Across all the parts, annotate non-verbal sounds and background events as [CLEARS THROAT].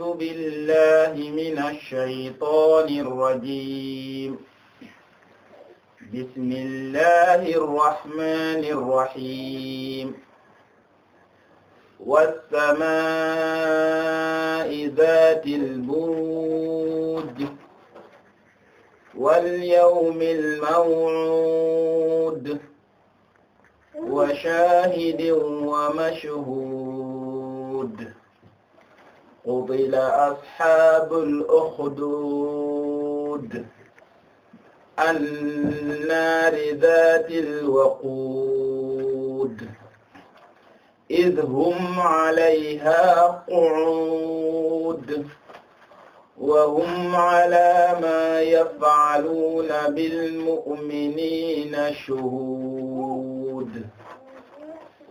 أعوذ بالله من الشيطان الرجيم بسم الله الرحمن الرحيم والسماء ذات البرود واليوم الموعود وشاهد ومشهود qutila ashaabul uxduud annaari zaatil waquud id hum calayhaa qu'uud wa hum calaa maa yafcaluuna bil mu'miniina shuhuud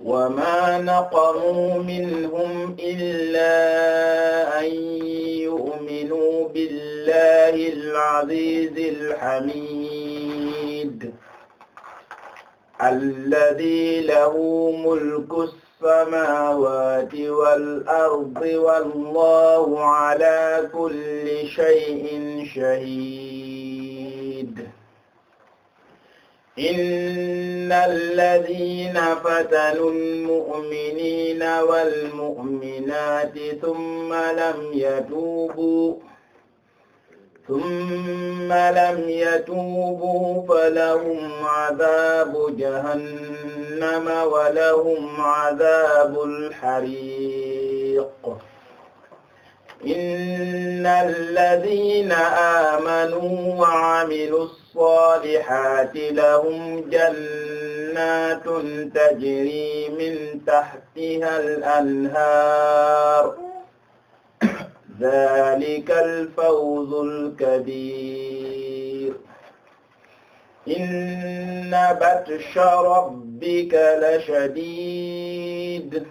وما نقموا منهم إلا أن يؤمنوا بالله العزيز الحميد الذي له ملك السماوات والأرض والله على كل شيء شهيد إن الذين فتنوا المؤمنين والمؤمنات ثم لم يتوبوا ثم لم يتوبوا فلهم عذاب جهنم ولهم عذاب الحريق إن الذين آمنوا وعملوا الصالحات لهم جنات تجري من تحتها الأنهار ذلك الفوز الكبير إن بطش ربك لشديد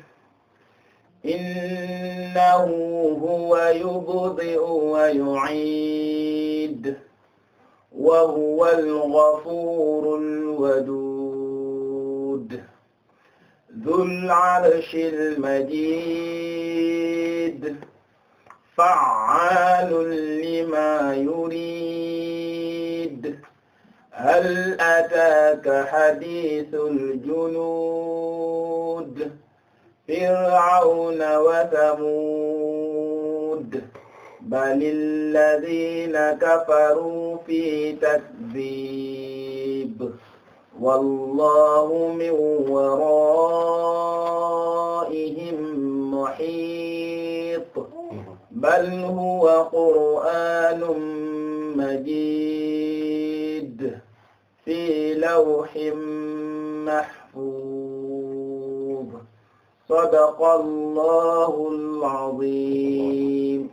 innahu huwa yubdi'u wa yu'iid wa huwa al-ghafuurul waduud dhul 'arshil majiid fa'aalun limaa yuriid hal ataaka hadiithul junuud fir'auna wa thamud bal alladhina kafaru fi takdhib wallahu min wara'ihim muhit bal huwa qur'anun majid fi lawhin mahfuz sadaqallaahul aziim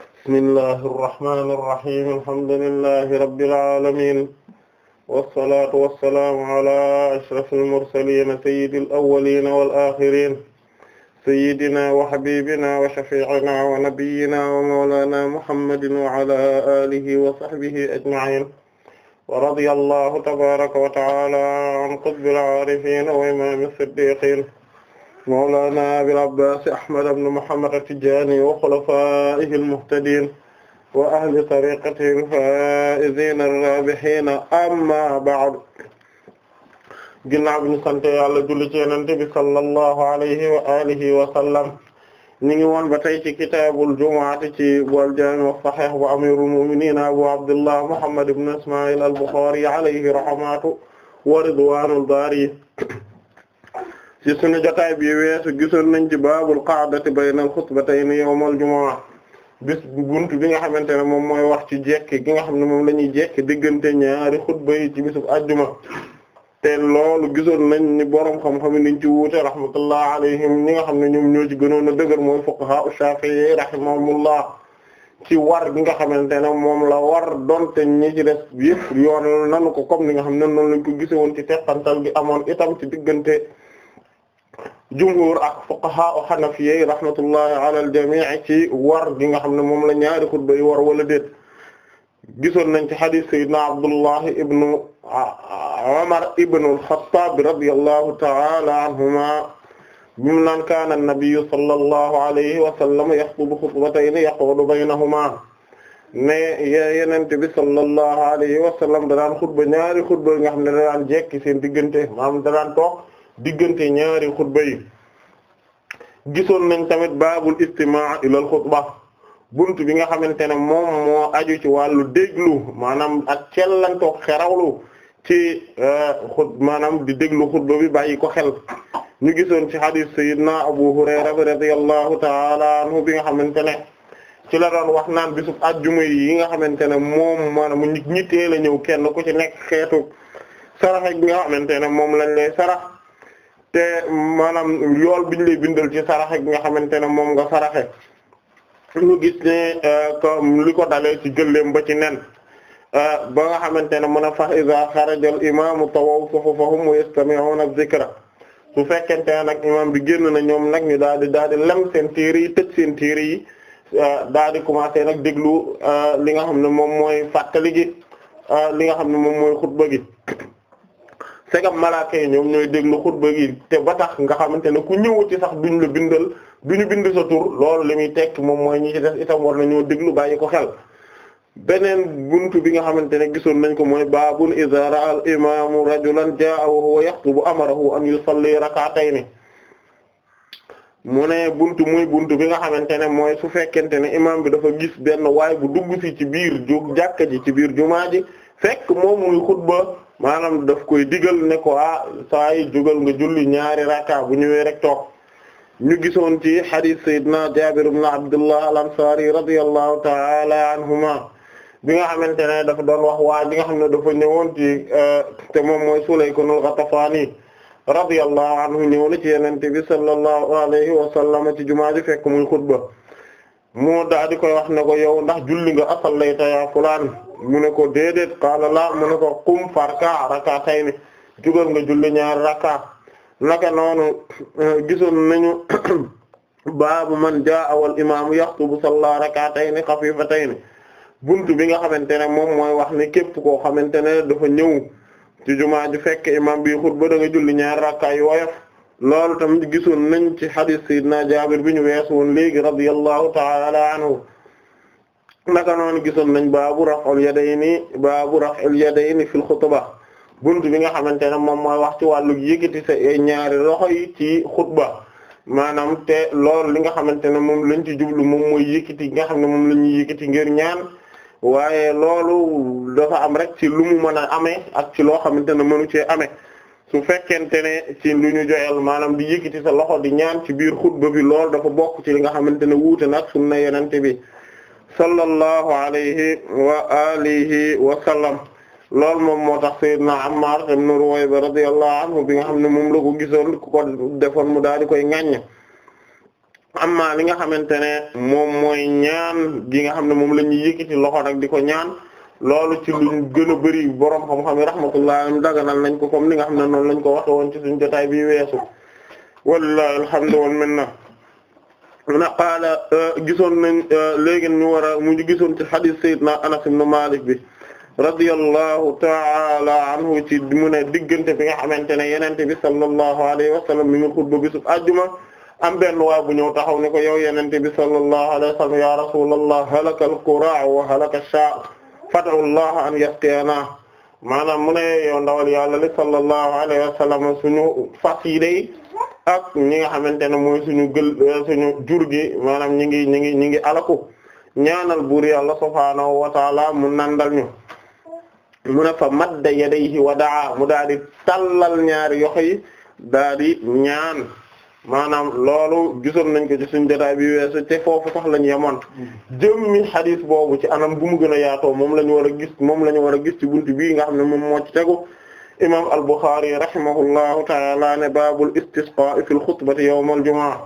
bismillaahir rahmaanir rahiim alhamdulillaahi rabbil aalamiin wassalaatu wassalaamu alaa ashrafil mursaliin sayyidil awwaliin wal aaxiriin sayyidinaa wa habiibinaa wa shafii'inaa wa nabiyyinaa wa mawlaanaa muhammadin wa alaa aalihi wa sahbihi ajma'iin wa radiyallahu tabaraka wa ta'ala an qutbil aarifin wa imam as-siddiqin mawlana abil abbas ahmad ibn muhammad at-tijani wa khulafaihi al-muhtadin wa ahli tariqatihi al-faa'izin ar-raabihin amma ba'd ginnaaw bi ñu sant Yàlla julli ci Yonent bi sallallahu alayhi wa alihi wa sallam ñu ngi woon ba tey ci kitaabul jumaati ci wal jaami as-sahiih wa amiirul mu'miniin abu abdullah muhammad ibn isma'il al-buxaari alayhi rahmatu wa ridwaanul baari ci sunu jotaay bi weesu gisoon nañ ci baabul qa'dati baynal xutbatayni yawmal jumu'a bis bunt bi nga xamante ne moom mooy wax ci jekki gi nga xam ne moom la ñuy jekki diggante ñaari xutba yi ci bisub àjjuma te loolu gisoon nañ ni borom xam-xam yi niñ ci wuute rahmatullah alayhim ñi nga xam ne ñoom ñoo ci gënoon a dëgër mooy fuqaha Shafi'i rahimahumullah ci war bi nga xamante ne moom la war donte ñi ci des yëpp yoonal nanu ko comme ni nga xam ne noonu lañ ko gisoon ci teqantal gi amoon itam ci diggante jumhur ak fuqaha Hanafiyyi rahmatullahi ala al ci war gi nga xam ne moom la ñaari xutba yi war wala déet gisoon nañ ci hadith sayyidina Abdullah ibn Umar ibn al-Khattab radiyallahu ta'ala anhuma bimu naan kaana an-nabiyyu sallallahu alayhi wa sallam yaxtubu xutbatayni yaqudu baynahuma ne yenente bi sallallahu alayhi wa sallam danaan xutba ñaari xutba yi nga xam ne danaan jekki seen diggante maanaam danaan toog diggante ñaari xutba yi gisoon nañ tamit baabul istimaa' ilal xutba buntu bi nga xamante ne moom moo aju ci wàllu déglu maanaam ak cellantoog xerawlu ci euh, xut maanaam di déglu xutba bi bàyyi ko xel ñu gisoon ci hadith sayyidina Abu Hurayra radiyallahu ta'ala anhu bi nga xamante ne ci la doon wax naan bisub ajjuma yi nga xamante ne moom maanaam mu ñi teel a ñëw kenn ku ci nekk xeetu sarax bi nga xamante ne moom lañ lay sarax te maanaam yool biñ lay bindal ci sarax bi nga xamante ne moom nga saraxe ñu gis ne euh, comme li ko dalee ci gëléem ba ci nen euh, ba nga xamante ne mën a fa iza xaraja al imaamu tawaffahu fahum yastami'una dhikra su fekkente ne nag imaam bi génn na ñoom nag ñu daal di daal di lem seen téere yi tëj seen téere yi euh, daal di commencé nag déglu li nga xam ne moom mooy fàttali gi li nga xam ne moom mooy xutba gi segam malaaka yi ñoom ñooy déglu xutba te ba tax nga xamante ne ku ñëw ci sax duñ la bindal du ñu bind sa tur loolu li muy tekk moom mooy ñi ci def itam war nañoo déglu bàyyi ko xel beneen buntu bi nga xamante ne gisoon nañ ko mooy baabun iza ra'a al imaamu rajulan jaa'a wa huwa yaxtubu amarahu an yusalli rak'atayni mu ne buntu muy buntu bi nga xamante ne mooy su fekkente ne imaam bi dafa gis benn waay bu dugg si ci biir ju jàkka ji ci biir jumaa ji fekk moom muy xutba maanaam daf koy digal ne ko ah saa yi jógal nga julli ñaari raka bu ñëwee rek toog ñu gisoon ci hadith sayyidina Jaabir ibn Abdullah al-Ansari ta'ala anhuma bi nga xamante ne dafa doon wax waa bi nga xam ne dafa ñëwoon ci eh, te moom mooy Sulaykunul al-Ghatafani radiyallahu anhu ñëw ci yenente bi sallallahu alayhi wa sallam ci jumaa ji fekk muy xutba moo wax ne ko yow ndax julli nga asallayta ya fulaan mu ne ko déedéet qaala la mu ne ko qum farka rak'atayni jugal nga julli ñaar rakka naka noonu eh, gisoon nañu [CLEARS THROAT] baabu man jaa wal imaamu yaxtubu salla rak'atayni xafiifatayni buntu bi nga xamante ne moom mooy wax ne képp koo xamante ne dafa ñëw ci jumaa ju fekk imaam bi xutba da nga julli ñaar rakka yu woyof loolu tamit gisoon nañ ci xadiis sayyidina Jaabir bi ñu wees woon léegi radiyallahu ta'ala anhu naka noonu gisoon nañ baabu raf'il yadayni baabu raf'il yadayni fil xutba bunt bi nga xamante ne moom mooy wax ci wàllu yëkkati sa ñaari loxo yi ci xutba maanaam te loolu li nga xamante ne moom lañ ci jublu moom mooy yëkkati nga xam ne moom la ñuy yëkkati ngir ñaan waaye loolu dafa am rek ci lu mu mën a amee ak ci loo xamante ne mënu cee amee su fekkente ne ci lu ñu joyal maanaam di yëkkati sa loxo di ñaan ci biir xutba bi loolu dafa bokk ci li nga xamante ne wuute na ak sunna yenante bi sallallahu alayhi wa alihi wa sallam loolu moom moo tax Seydina Ammar ibn Ruwayba radiyallahu anhu bi nga xam ne moom la ko gisoon ku ko defoon mu daal di koy ŋaññe amma li nga xamante ne moom mooy ñaan gi nga xam ne moom la ñuy yëkkati loxo nag di ko ñaan loolu ci luñ gën a bëri borom xam-xam yi rahmatullah daganal nañ ko kom li nga xam ne noonu lañ ko waxe woon ci suñu jotaay bi weesu wallahi alhamdu wal minna na qaala gisoon nañ léegi ñu war a mu gisoon ci hadith Seydina Anas ibn Malik bi radiyallahu ta'ala anhu ci mu ne diggante bi nga xamante ne yenente bi sallallahu alayhi wa mi ngi xutba bisub ajjuma am benn waay bu ñëw taxaw ne ko yow yenente bi sallallahu alayhi wa sallam ya rasulallah halaka qura wa halaka ash-sha' fad'u Allah an yasqiyana maanaam mu ne ndawal yàlla li sallallahu alayhi suñu fas yi day ak ñi nga xamante ne mooy suñu gël suñu jur gi maanaam ñi ngi ñi ngi ñi ngi alaku ñaanal buur yàlla subhaanahu wa ta'ala mu nandal ñu mu ne fa madda yadayhi wa daa mu daal di tallal ñaari yox yi daal di ñaan maanaam loolu gisoon nañ ko ci suñu jotaay bi weesu te foofu sax lañ yemoon jëmmi xadis boobu ci anam bu mu gën a yaatoo moom la ñu war a gis moom la ñu war a gis ci buntu bii nga xam ne moom moo ci tegu imam al-Bukhari rahimahullahu taala ne baabul istisqaa'i fil xutbati yawmal jumaa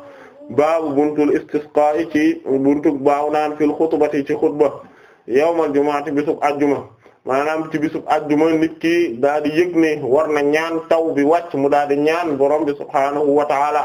baabu buntul istisqaa'i ci buntu baaw naan fil xutbati ci xutba yawmal jumaa te bisub ajjuma maanaam ci bisub ajjuma nit ki daal di yëg ne war na ñaan taw bi wàcc mu daal di ñaan borom bi subhaanahu wa taala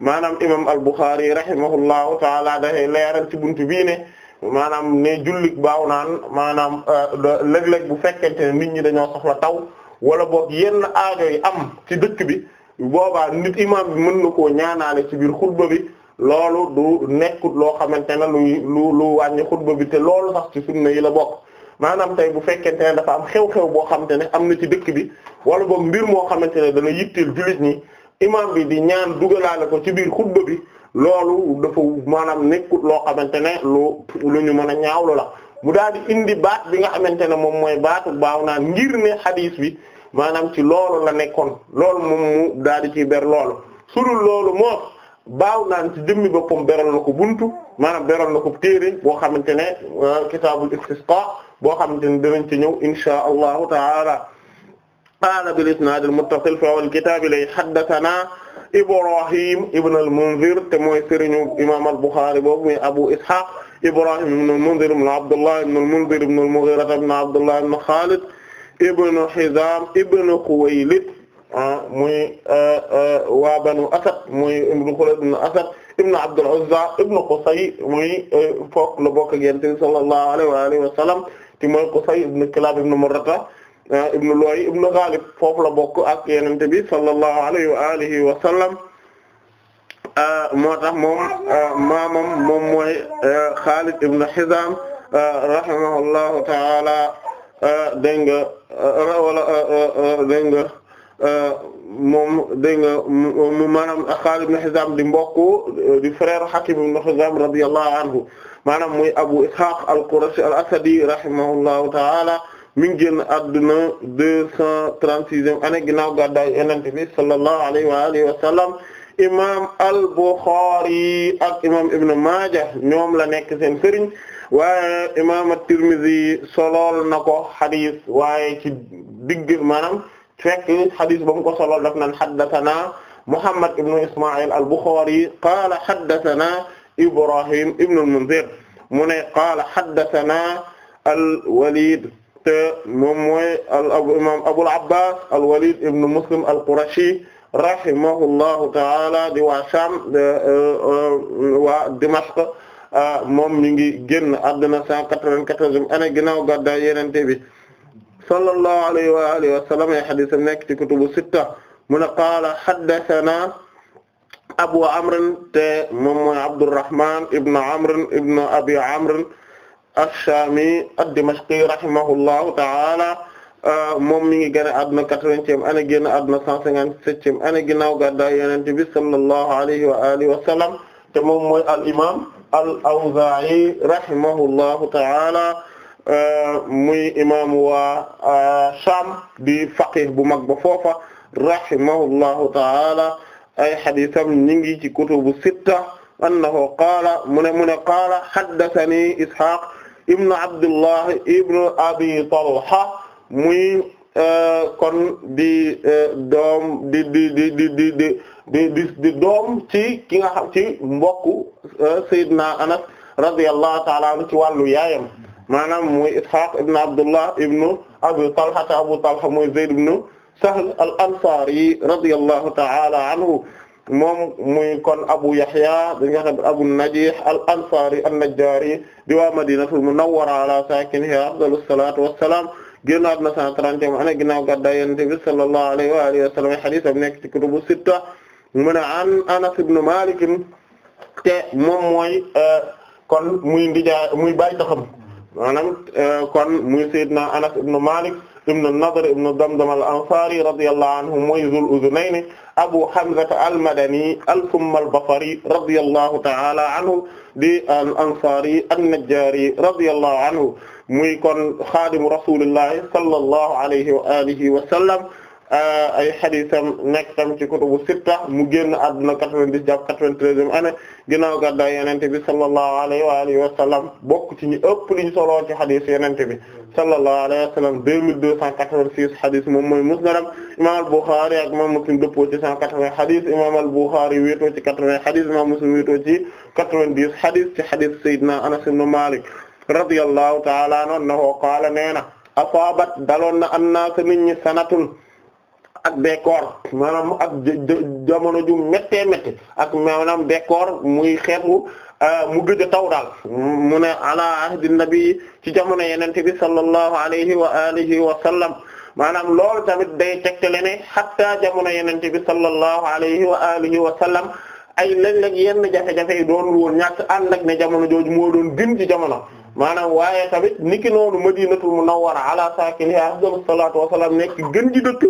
maanaam imam al-Bukhari rahimahullahu taala dafay leeral ci buntu bii ne maanaam ne jullit baaw naan maanaam euh, léeg-léeg bu fekkente ne nit ñi dañoo soxla taw wala book yenn aajo yi am ci dëkk bi boobaa nit imam bi mën na koo ñaanaale ci biir xutba bi loolu du nekkut loo xamante ne lu lu wàññi xutba bi te loolu sax ci sunna yi la bokk maanaam tey bu fekkente ne dafa am xew-xew boo xamante ne am na ci dëkk bi wala boog mbir moo xamante ne dana yitteel jullit ñi imaam bi di ñaan dugalaale ko ci biir xutba bi loolu dafa maanaam nekkut loo xamante ne lu ñu mën a ñaawlu la mu daal di indi baat bi nga xamante ne moom mooy baatu baaw naan ngir ne xadiis bi maanaam ci loolu la nekkoon loolu moom mu daal di ci ber loolu sudul loolu moo baaw naan ci jëmmi boppam beral na ko buntu maanaam beral na ko téere boo xamante ne euh, kitaabul istisqa boo xamante ne dinañ ci ñëw inshaa allahu taala qaala bil isnaad al muttasil fi awwal kitaab lay haddathana Ibrahim ibn al Munzir te mooy sëriñu imaam al Bukhari boobu muy Abu Ishaq Ibrahim ibn al Munzir ibn Abdullah ibn al Munzir ibn al Mughira ibn Abdullah ibn Khalid ibn Hizam ibn Khuwaylid ah, muy eh, eh, waa Banu Asad muy ibn Khuwaylid ibn Asad ibn Abdul Uzza ibn Qusay muy eh, fokk la bokk ak Yonent bi sallallahu alayhi wa alihi wa sallam te mooy Qusay ibn Kilab ibn Murrata ah, ibn Lu'ay ibn Ghalib foofu la bokk ak Yonent bi sallallahu alayhi wa alihi wa sallam ah, moo tax moom ah, maamam moom mooy Khalid ibn Hizam rahimahullahu ta'ala dégg nga wala dégg nga moom dégg nga mu maanaam Khalid ibn Hizam di mbokk di frère Hakim ibn Hizam radiyallahu anhu maanaam muy Abu Ishaq al-Qurashi al-Asadi rahimahullahu ta'ala mi ngi génn adduna deux cent trente-sixième année ginnaaw gàddaay Yonent bi sallallahu alayhi wa imam al-Bukhari ak imam Ibn Maaja ñoom la nekk seen sëriñ waaye imam at-Tirmidhi solool na ko xadis waaye ci digg maanaam fekk xadis ba mu ko solool daf naan haddathana Muhammad ibn Isma'il al-Bukhari qaala haddathana Ibrahim ibn al-Munzir mu ne qaala haddathana al-Walid te moom mooy al-imam Abul Abbas al-Walid ibn Muslim al-Qurashi rahimahullahu ta'ala di waa Sham e, e, waa Dimashq moom mi ngi génn àdduna 194 année ginnaaw gàddaay Yonent bi sallallahu alayhi wa alihi wa sallam ay hadiis nekk ci kutubu sitta mu ne qaala haddathana abu amrin te moom mooy abdurrahman ibn amrin ibn abi amrin ash-shami ad-dimashqi rahimahullahu ta'ala euh, moom mi ngi génn àdduna quatre-vingtième année génn àdduna cent cinquante-septième année ginnaaw gàddaay yonent bi sallallahu alayhi wa alihi wa sallam te moom mooy al imam al awzaa'i rahimahullahu ta'ala euh, muy imam waa euh, Sham di faqih bu mag ba foofa rahimahullahu ta'ala ay xadisam ñi ngi ci kutubu sitta annahu qaala mu ne mu ne qaala haddathani Ishaq ibnu Abdullah ibnu Abi Talha muy e, kon di e, doom di di di di di di di doom ci ki nga xam ci mbokku e, Seydina Anas radiyallahu ta'ala anhu ci wàllu yaayam maanaam muy Ishaq ibnu Abdullah ibnu Abi Talha Abu Talha muy Zayd ibnu Sahl al-Ansari radiyallahu ta'ala anhu moom muy kon Abu Yahya bi nga xam ne Abu Najih al-Ansari an-Najjari di waa Madinatul Munawwara ala sakiniha afdalus salatu wassalam génnaat na 130 ana ginnaaw gàddaay Yonent bi sallallahu alayhi wa alihi wa sallam hadith am nekk ci kutubu sitta mu ne an Anas ibn Malik te moom mooy euh, kon muy ndijaa muy bàyyi taxam maanaam euh, kon muy Seydina Anas ibn Malik ibn an-Nadr ibn Damdam al-Ansari radiyallahu anhu mooy Zul Uzunayn Abu Hamza al-Madani al-Summa al-Basri radiyallahu ta'ala anhu di al-Ansari an-Najjari radiyallahu anhu muy kon xaadimu rasulillahi sallallahu alayhi wa alihi wa sallam Euh, ay xadisam nekk tam ci kutubu sitta mu génn àdduna 90 jàpp 93e année ginnaaw gàddaay yonent bi sallallahu alayhi wa alihi wa sallam bokk ci ñu ëpp li ñu soloo ci xadis yonent bi sallallahu alayhi wa sallam 2286 xadis moom mooy musnadam imam al-Bukhari ak imam Muslim dëppoo ci 180 xadis imam al-Bukhari wéetoo ci 80 xadis imam Muslim wéetoo ci 90 xadis ci xadis Seydina Anas ibn Malik radiyallahu ta'ala anhu qaala nee na asaabat daloon na an-naas nit ñi sanatun ak bekkoor maanaam ak jamono ju méttee métti ak maanaam bekkoor muy xeetu euh, mu gëj a taw daal mu ne ala ahdi nabi ci jamono yenente bi sallallahu alayhi wa alihi wa sallam maanaam loolu tamit day le ne hatta jamono yenente bi sallallahu alayhi wa alihi wa sallam ay léeg-léeg yenn jafe-jafe yi doon woon ñàkk ànd ak ne jamono jooju moo doon gën ci jamono maanaam waaye tamit niki noonu madinatul munawwara ala saakinihaa afdalu salaatu wa salaam nekk gën ji dëkk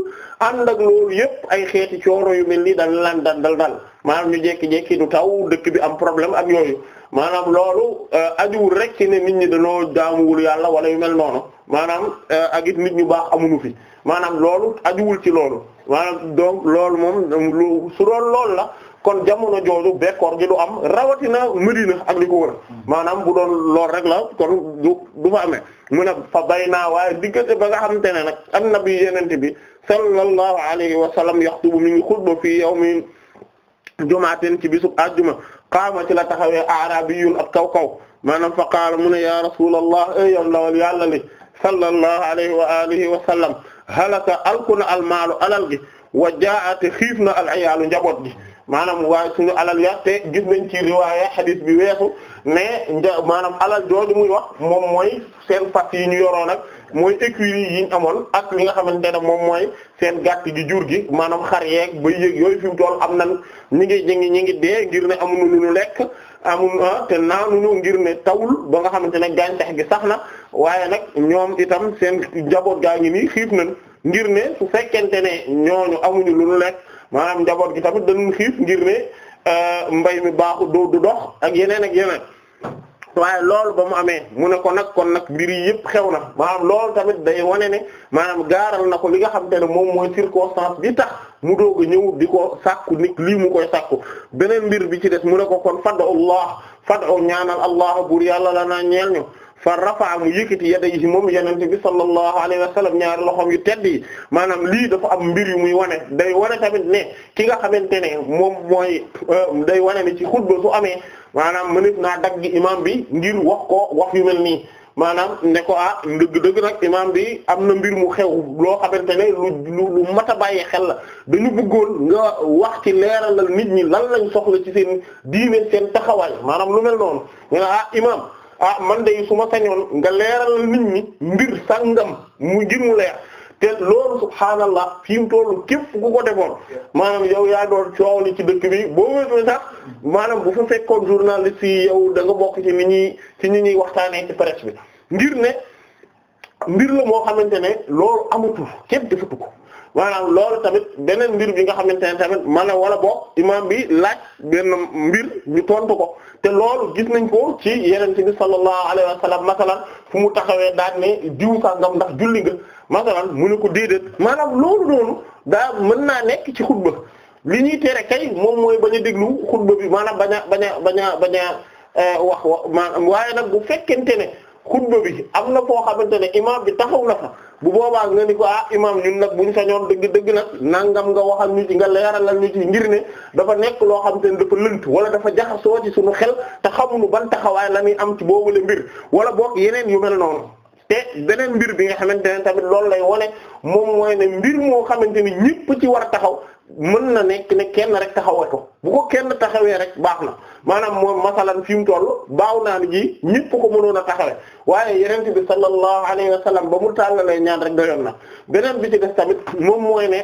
ànd ak loolu yëpp ay xeeti cooro yu mel nii dañ lan dal dal dal maanaam ñu jékki-jékki du taw dëkk bi am problème ak yooyu maanaam loolu euh, ajuwul rek ci ne nit ñi dañoo jaamuwul yàlla wala yu mel noonu maanaam euh, ak it nit ñu baax amuñu fi maanaam loolu ajuwul ci loolu maanaam donc loolu moom lu su loolu la. kon jamono jooju bekkoor gi du am rawatina Medina ak li ko maanaam bu doon lool rek la kon du du fa amee mu ne fa bay naa waaye diggante ba nga xamante ne nag annabi yenente bi sallallahu alayhi wa sallam yaxtubu mi ngi xutba fii yawmi jumaatin ci bisub ajjuma qaama ci la taxawee arabiyun ak kaw kaw maanaam fa qaala mu ne ya rasulallah eyam lawal yàlla li sallallahu alayhi wa alihi wa sallam halaka alkuna almaalu alal gi wa jaate xiif na al ayaalu njaboot gi maanaam waaye suñu alal ya te gis nañ ci riwaaya hadith bi weesu ne maanaam alal jooju muy wax moom mooy seen fas yi ñu yoroon ak mooy écurie yi ñu amoon ak li nga xamante ne moom mooy seen gàtt gi jur gi maanaam xar yeeg ba yéeg yooyu fi mu toll am nan ñi ngi ñi ñi ngi dee ngir ne amuñu lu ñu lekk amuñu ah, te naanuñu ngir ne tawul ba nga xamante ne gàncax gi sax na waaye nag ñoom itam seen njaboot gaa ngi nii xiif nañ ngir ne su fekkente ne ñooñu amuñu lu ñu lekk. maanaam njaboot gi tamit dañu xiif ngir ne euh, mbay mi baaxu du dox ak yeneen ak yeneen waaye loolu ba amee mu ne ko nag kon nag mbir yi yëpp xew na maanaam lool tamit day wane ne maanaam gaaral na ko li nga xam te ne moom mooy circonstance bi tax mu doog a ñëw di ko sàkku nit lii mu koy sàkku beneen mbir bi ci des mu ne ko kon fad'u Allah fad'u ñaanal Allah buur yàlla la naa ñeel ñu fa rafaa mu yëkkati yadayhi moom yenente bi sallallahu alayhi wa sallam ñaari loxoom yu tedd yi maanaam lii dafa am mbir yu muy wane day wane tamit ne ki nga xamante ne moom mooy euh, day wane ne ci xutba su amee maanaam mënit naa dagg imam bi ngir wax ko wax yu mel nii maanaam ne ko ah dëgg-dëgg nag imam bi am na mbir mu xew loo xamante ne lu lu mat a bàyyi xel la dañu bëggoon nga wax ci leeralal nit ñi lan lañ soxla ci seen diine seen taxawaay maanaam lu mel noonu nga ah imam ah man de su ma sañoon nga leeral nit ñi mbir sangam mu ngir mu leer te loolu subhaanallah fi mu tollu képp ku ko defoon maanaam yow yaa doon coow ci dëkk bi boo wéetoo sax maanaam bu fa fekkoon journaliste yi yow da nga bokk ci ni ñuy ci ni ñuy waxtaanee ci presse bi ngir ne mbir la moo xamante ne loolu amatul képp defatu ko maanaam loolu tamit beneen mbir bi nga xamante ne tamit man wala bo imaam bi laaj benn mbir ñu tontu ko te loolu gis nañ ko ci yeneen bi sallallahu alayhi wa sallam fu mu taxawee daan ne diw sangam ndax julli nga masalan mu ne ko déedéet maanaam loolu noonu daa mën naa nekk ci xutba li ñuy tere kay moom mooy bañ a déglu xutba bi maanaam bañ a bañ bañ bañ euh, wax wax maanaam waaye nag bu fekkente ne xutba bi am na foo xamante ne imaam bi taxaw na fa bu boobaa nga ni ko ah imam ñun nag bu ñu sañoon dëgg dëgg nag nangam nga waxal ñu ci nga leeralal ñu ci ngir ne dafa nekk loo xam te ne dafa lënt wala dafa jaxasoo ci suñu xel te xamuñu ban taxawaay la ñuy am ci boobule mbir wala boog yeneen yu mel noonu te beneen mbir bi nga xamante ne tamit loolu lay wone moom mooy ne mbir moo xamante ni ñëpp ci war a taxaw mën na nekk ne kenn rek taxawee ko bu ko kenn taxawee rek baax na maanaam moom masalan fi mu toll baaw naan gi ñëpp ko mënoon a taxawe waaye yenente bi sallallahu alayhi wa sallam ba mu tàllalee ñaan rek doyoon na beneen bi ci des tamit moom mooy ne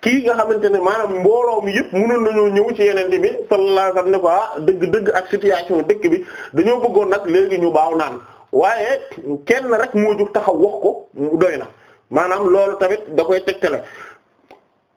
kii nga xamante ne maanaam mbooloo mi yëpp mënoon nañoo ñëw ci yenente bi sallallahu alayhi wa ne ko ah, dëgg dëgg ak situation dëkk bi dañoo bëggoon nag léegi ñu baaw naan waaye kenn rek moo jóg taxaw wax ko doy na maanaam loolu tamit da koy tegtale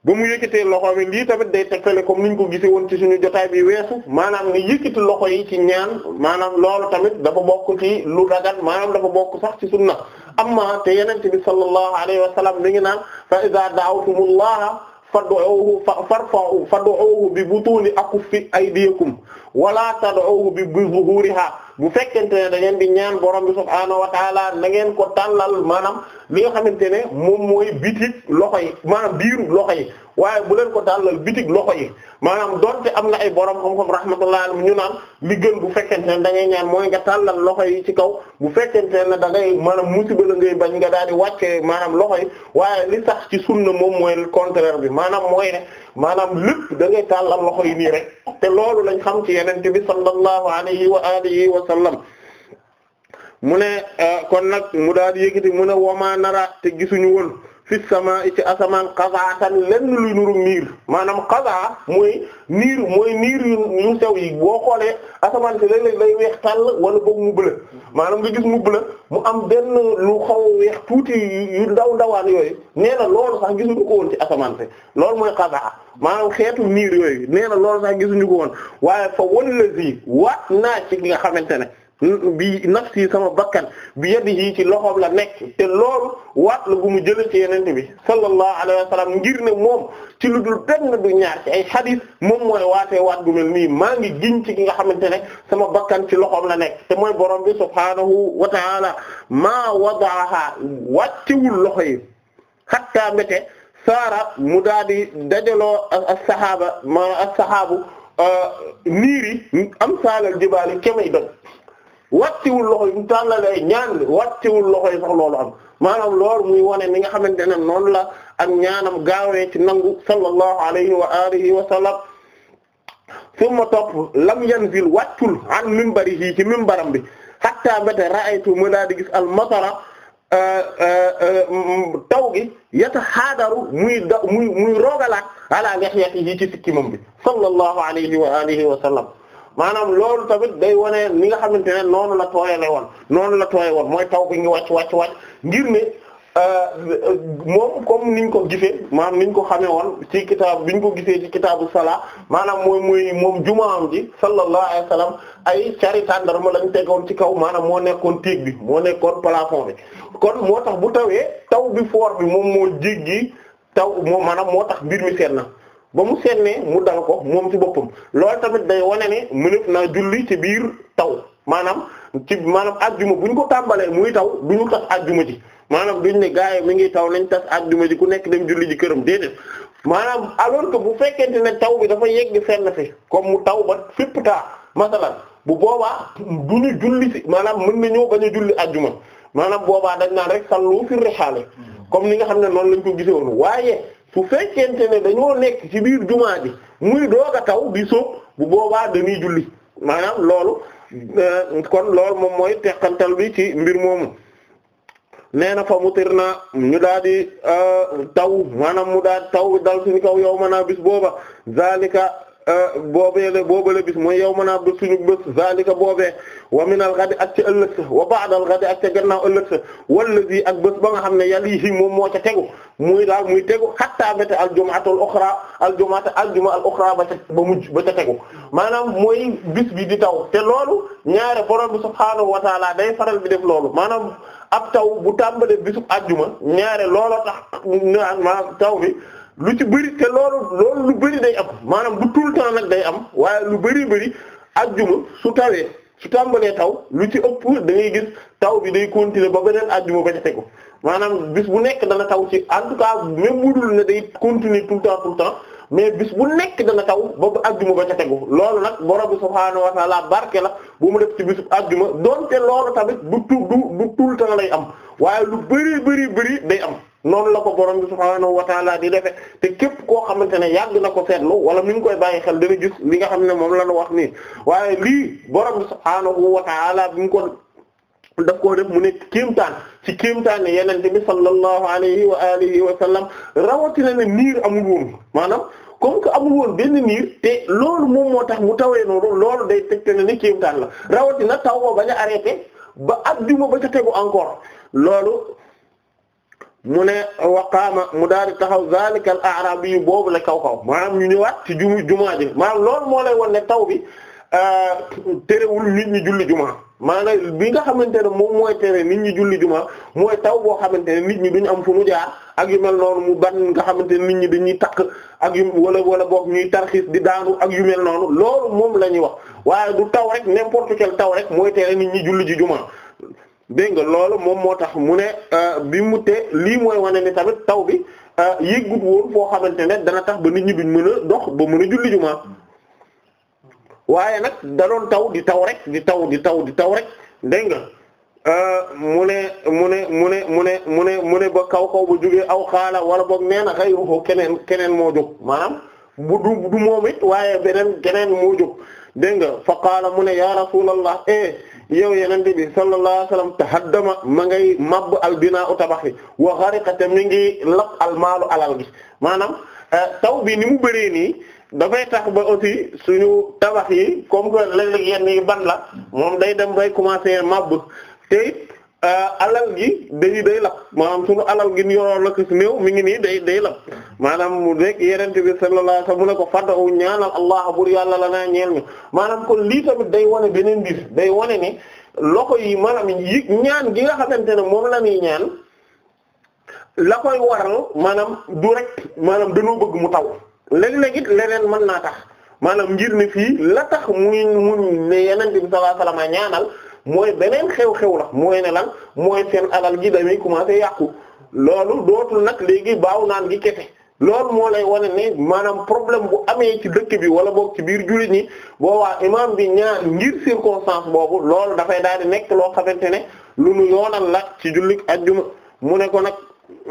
ba mu yëkkatee loxo bi lii tamit day tegtale comme niñ ko gise woon ci suñu jotaay bi weesu maanaam nga yëkkati loxo yi ci ñaan maanaam loolu tamit dafa bokku ci lu dagat maanaam dafa bokk sax ci sunna amma te yenente bi sallallahu alayhi wa sallam mi ngi naan fa iza da'awtumullaha fad'uuhu farfa'u fad'uuhu bi butuni akuffi aydiyakum wala tad'uuhu bi zuhuriha bu fekkente ne da ngeen di ñaan borom bi subhaanahu wa taala ngeen ko tàllal maanaam li nga xamante ne moom mooy bitig loxo yi maanaam biiru loxo yi waaye bu leen ko tàllal bitig loxo yi maanaam donte am na ay borom xam-xam rahmatullahi mu ñu naan li gën bu fekkente ne da ngay ñaan mooy nga tàllal loxo yi ci kaw bu fekkente ne da ngay maanaam musiba la ngay bañ nga daal di wàcce maanaam loxo yi waaye li sax ci sunna moom mooy contraire bi maanaam mooy ne maanaam lépp da ngay tàllal loxo rek te loolu lañ xam ci yenente bi sallallahu alayhi wa alihi wa sallam mu ne euh, kon nag mu daal yëkkati mu ne wama nara te gisuñu woon fi samaa ci asamaan xasaatan lenn luy nuru niir maanaam xasa mooy niir mooy niir yu yu sew yi boo xoolee asamaan si léeg lay weex tàll wala boog mu bëla maanaam nga gis mu bëla mu am benn lu xaw a weex tuuti yu ndaw ndawaan yooyu nee na loolu sax gisuñu ko woon ci asamaan si loolu mooy xasa maanaam xeetu niir yooyu nee na loolu sax gisuñu ko woon waaye fa walla yi waat naa ci nga xamante ne bi nafsi sama bakkan bi yadihi ci loxoom la nekk te loolu waat la bu mu ci yenente bi sallallahu alayhi wa ngir ne moom ci lu dul benn du ñaar ci ay xadis moom mooy waatee waat bu mel nii maa ngi giñ ci ki nga xamante ne sama bakkan ci loxoom la nekk te moy boroom bi subhaanahu wa ta'ala maa wadaaha wàccewul loxo yi hatta mbete saara mu daal di dajaloo ak saxaaba ma ak saxaabu euh, niiri am saalal jibaali kemay doon wàcciwul loxo yi mu tàllalee ñaan wàcciwul loxo yi sax loolu am maanaam loolu muy wane ni nga xamante ne noonu la ak ñaanam gaawee ci nangu sallallahu alayhi wa alihi wa sallam summa topp lam yanzil wàccul an minbarihi ci minbaram bi hatta mbéte ra'aytu ma daa di gis al matara euh, euh, euh, taw gi yatahaadaru muy da muy muy roogalaat ala lexyatihi ci sikkimam bi sallallahu alayhi wa alihi maanaam loolu tamit day wane ni nga xamante ne noonu la tooyale woon noonu na tooye woon mooy taw bi ngi wàcc wàcc wàcc ngir ne euh, moom comme niñ ko gisee maanaam ñu ko xamee woon ci kitaab ñu ko gisee ci kitaabu salaa maanaam mooy mooy moom jumaam ji sallallahu alayhi wa sallam ay cari tàndarma lañ tegoon ci kaw maanaam moo nekkoon téeg bi moo nekkoon plafond bi kon moo tax bu tawee taw bi foor bi moom moo jéggi taw moom maanaam moo tax mbir mi seet na ba mu seetlee mu dal ko moom ci boppam lool tamit day wane ne mënef naa julli ci biir taw maanaam ci maanaam ajjuma bu ñu ko tàmbalee muy taw du ñu tas ajjuma ji maanaam duñ ne gaay mi ngi taw nañ tas ajjuma ji ku nekk dem julli ci këram déedéet maanaam alors que bu fekkente ne taw bi dafa yegg fenn fi comme mu taw ba fépp taa masalan bu boobaa du ñu julli maanaam mën nañoo bañ a julli ajjuma maanaam boobaa dañ naan rek sallu fi rihaale hmm. comme ni nga xam ne noonu lañ ko gisee waaye fu fekkente ne dañoo lekk ci biir jumaa ji muy doog a taw di sóob bu boobaa dañuy julli maanaam loolu euh, kon loolu moom mooy teqantal bi ci mbir moomu nee na fa mutir na ñu daal di euh, taw maanaam mu daal taw dal suñu kaw yow manaa bis booba zalika Ah, boobee la boobale bis mooy yow mën a bés suñu bés zalika boobee wa minal ghadi ak ca ëllëg sa wa ba'dal ghadi ak ca gannaaw ëllëg sa wallazi ak bés ba nga xam ne yalihi moom moo ca tegu muy daal muy tegu hatta bata al jum'atul ukhra al jum'atu al jum'a al ukhra ba ca ba mujj ba ca tegu maanaam mooy bis bi di taw te loolu ñaare borom bi subhaanahu wa ta'ala day faral bi def loolu maanaam ab taw bu tàmbalee bisub àjjuma ñaare looloo tax ma taw bi lu ci bëri te loolu loolu lu bëri day am maanaam du tout le temps nag day am waaye lu bëri bëri ajjuma su tawee su tàmbalee taw lu ci ëpp da ngay gis taw bi day continuer ba beneen ajjuma ba ca tegu maanaam bis bu nekk dana taw ci en tout cas même dul ne day continuer tout le temps tul temps mais bis bu nekk dana taw ba bu àjjuma ba ca tegu loolu nag borom bi subhaanahu wa ta'ala barke la bu mu def ci bisub àjjuma donte loolu tamit du tu du du tout temps lay am waaye lu bëri bëri bëri day am noonu la ko borom bi subhaanahu wa ta'ala di defe te képp koo xamante ne yàgg na ko seetlu wala mi ngi koy bàyyi xel dana gis li nga xam ne moom la ñu wax nii waaye lii borom bi subhaanahu wa ta'ala bi mu ko daf koo def mu nekk kéemtaan ci kéemtaane yenente bi sallallahu alayhi wa alihi wa sallam rawatina ne niir amul woon maanaam comme que amul woon benn niir te loolu moom moo tax mu tawee noonu loolu day tegte ne ni kéemtaan la rawatina taw boo bañ a arrêté ba àjjuma ba ca tegu encore loolu mu ne waqaama mu daal di taxaw zalika al yu boobu la kaw kaw maanaam ñu ñëwaat ci jumu jumaa ji maanaam loolu moo lay won ne taw bi euh, terewul nit ñi julli jumaa maanaam bi nga xamante ne moom mooy tere nit ñi julli juma mooy taw boo xamante ne nit ñi duñ am fu mu jaar ak yu mel noonu mu ban nga xamante ne nit ñi dañuy takk ak yu wala wala boog ñuy tarxiis di daanu ak yu mel noonu loolu moom la ñuy wax waaye du taw rek n'importe quel taw rek mooy tere nit ñi julli ji juma. dégg nga loolu moom moo tax mu ne euh, bi mu te lii mooy wane ni tamit taw bi euh, yëggut woon foo xamante ne dana tax ba nit ñi duñ mën a dox ba mën julli waaye nag da taw di taw rek di taw di taw di taw rek dégg nga euh, mu ne mu ne mu ne mu ne mu ne mu ne ba kaw kaw ba jógee aw xaala wala boog nee na xëy keneen keneen moo jóg maanaam bu du du waaye beneen keneen moo jóg dégg nga fa qaala mu ne ya rasulallah eh yow yenente bi sallallahu alayhi wasallam tahaddama ma ngay mabb al binaa u tabax yi wa xariqate mi ngi lap almaalu alal gi maanaam euh, taw bi ni mu bëree nii dafay tax ba aussi suñu tabax yi comme que léeg yenn yi ban la moom day dem bay commencer màbb te it euh, alal gi dañuy day lakk maanaam suñu alal gi ñu yoroon la ko si néew mi ngi nii day day lakk maanaam mu nekk yenente bi sallallahu alayhi wasallam mu ne ko faddawu ñaanal allah bur yàlla la naa ñeel ñu maanaam kon lii tamit day wane beneen mbir day wane ne loxo yi maanaam yi ñaan gi nga xamante ne moom la ñuy ñaan la koy waral maanaam du rek maanaam dañoo bëgg mu taw léeg-léeg leneen mën naa tax maanaam ngir ne fii la tax muy muy ne yeneen bi sallallahu alayhi ñaanal mooy beneen xew-xew la mooy ne lan mooy seen alal gi damay commencé yàqu loolu dootul nag léegi baaw naan gi kese loolu moo lay wane ne maanaam problème bu amee ci dëkk bi wala boog ci biir jullit ñi boobaa imaam bi ñaan ngir circonstance boobu loolu dafay daal di nekk loo xamante ne lu nu yoonal la ci jullit ajjuma mu ne ko nag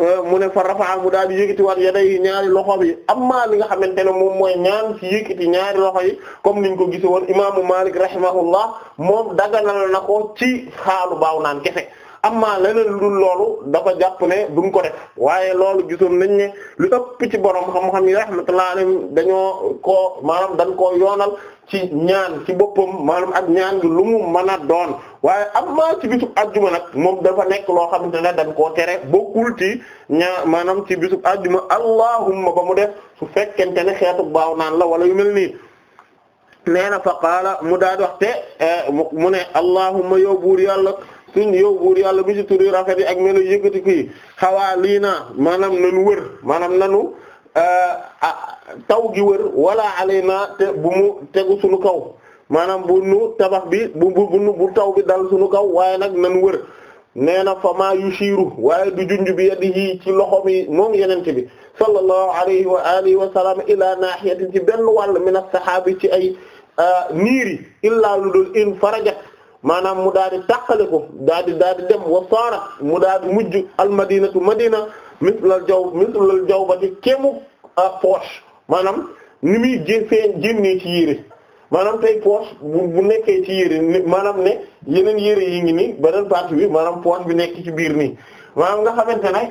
Euh, mu ne fa rafa mu daal di yëkkati waat yaday ñaari loxo bi amma li nga xamante ne moom mooy ñaan ci yëkkati ñaari loxo yi comme ni niñ ko gise woon imaamu Maalik rahimahullah moom daganal na ko ci xaalu baaw naan kese amma leneen du loolu dafa jàpp ne duñ ko def waaye loolu gisoon nañ ne lu ëpp ci borom xam-xam yi rahmatullahi alayhim dañoo koo maanaam dañ koo yoonal ci ñaan ci boppam maanaam ak ñaan gi lu mu mën doon waaye amma ci bisub ajjuma nag moom dafa nekk loo xam ne dañ koo tere bokkul ci ñaa maanaam ci bisub ajjuma allahumma ba mu def su fekkente ne xeetu baaw naan la wala yu mel nii nee na fa mu daal di eh, mu ne allahumma yow buur yàlla suñ yow buur yàlla bi ci turi rafet yi ak melo yëkkati kii xawaa lii naa maanaam nanu wër maanaam nanu eh, ah, taw gi wër wala alay bu mu tegu suñu kaw maanaam bu nu tabax bi bu bu bu taw bi dal suñu kaw waaye nag nanu wër nee na ma yushiru waaye du junj bi di yadihi ci loxo mi moom yeneen bi sallallahu alayhi wa alihi wa sallam ila nahiyatin ci benn wàll min as-sahabi ci ay eh, niiri illaa lu dul in farajat maanaam mu daal di tàqale ko daal di daal di dem wa saarat mu daal di mujj al madinatu madina la jaw mislal jaw ba di kéemu ah, poche maanaam ni muy jën génnee ci yére maanaam tey poche bu nekkee ci yére maanaam ne yeneen yére yi ngi nii beneen partie bi maanaam poche bi nekk ci biir nii maanaam nga xamante ne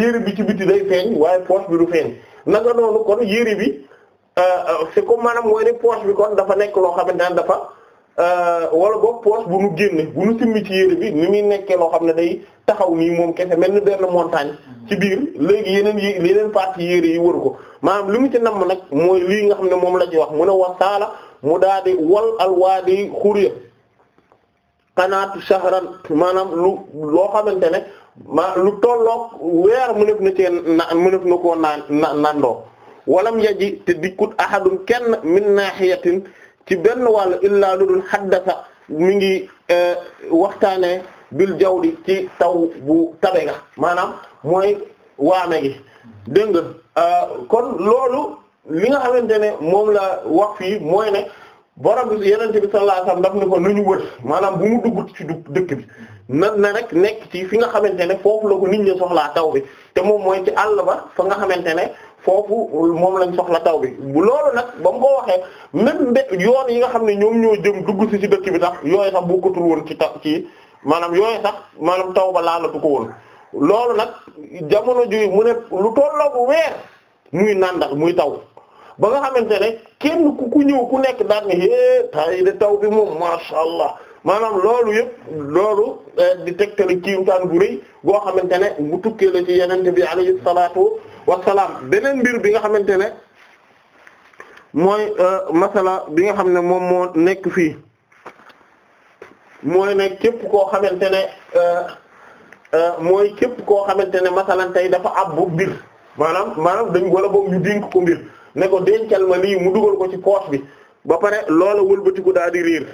yére bi ci biti day feeñ waaye poche bi du feeñ naka noonu kon yére bi ah, ah, c'est ko maanaam mooy ne poche bi kon dafa nekk loo xamante ne dafa. Euh, wala boog poche bu nu génne bu nu simmi ci yére bi ni muy nekkee loo xam ne day taxaw nii moom kese mel ni benn montagne mm-hmm. ci biir léegi yeneen yi yeneen parties yére yi wër ko maanaam li mu ci namm nag mooy lii nga xam ne moom la ñuy wax mu ne wasaala mu daal di wal alwaadi xuriya qanaatu shahran maanaam lu loo xamante ne ma lu tollook weer mënef na cee ci mënef na koo naan na nandoo walam yaji te dikkut ahadun kenn min naahiyatin ci benn wàll illaa lu dul haddasa mu ngi eh, waxtaanee bil jawdi ci taw bu tabe ga maanaam mooy waame gi dégg nga eh, kon loolu li nga xamante ne moom la wax fii mooy ne borom bi yenente bi sallallahu alayhi wasallam daf ne ko nañu wër maanaam bu mu dugg ci dëkk bi na na rek nekk ci fi nga xamante ne foofu la ko nit ñi soxlaa taw bi te moom mooy ci àll ba fa nga xamante ne foofu moom lañ soxla taw bi bu loolu nag ba mu ko waxee même de yoon yi nga xam ne ñoom ñoo jëm dugg si ci dëkk bi sax yooyu sax bokkatul woon ci ta ci maanaam yooyu sax maanaam taw ba laalatu ko woon loolu nag ji mu lu tolloo bu weer muy nàndal muy taw ba nga xamante ne kenn ku ku ku nekk daal ne é tay de taw bi moom masha Allah maanaam loolu yëpp loolu eh, di tegtali kiimtaan bu rëy goo xamante ne bu tukkee la ci yenente bi alayhi salaatu wasalaam beneen mbir bi nga xamante ne mooy euh, masala bi nga xam ne moom moo nekk fii mooy ne képp koo xamante ne euh, euh, mooy képp koo xamante ne masalan tey dafa abbu mbir maanaam maanaam dañ wala boog ñu dénk ko mbir ne ko dencal ma lii mu dugal ko ci poche bi ba pare lool wëlbatiku daal di riir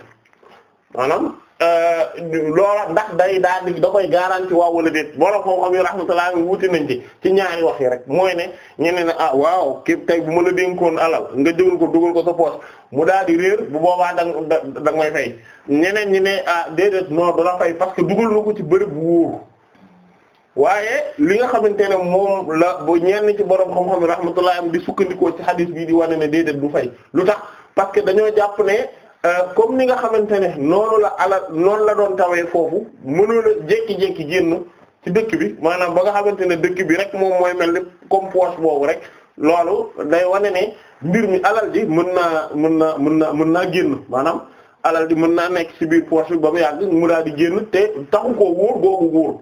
maanaam loola ndax day daal di da koy garanti waaw wala déet borom koo xam yi rahmatullah wuti nañ ci ci ñaari rek mooy ne ñeneen ne ah waaw képp tey bu ma la dénkoon alal nga jël ko dugal ko sa poche mu daal di réer bu boobaa da nga da may fay ñeneen ñi ne ah déedéet non du parce que dugal na ko ci bërëb bu wóor li nga xamante ne moom la ba ñenn ci borom xam-xam yi rahmatullah di sukkandikoo ci hadith bii di wane ne déedéet du fay lu tax parce dañoo jàpp ne. Euh, comme ni nga xamante ne noonu la ala noonu la doon tawee foofu mënul a jékki-jékki génn ci dëkk bi maanaam ba nga xamante ne dëkk bi rek moom mooy mel ni comme poche boobu rek loolu day wane ne mbir mi alal ji mën naa mën naa mën naa mën naa génn maanaam alal ji mën naa nekk ci biir poche bi ba mu yàgg mu daal di génn te taxu koo wóor googu wóor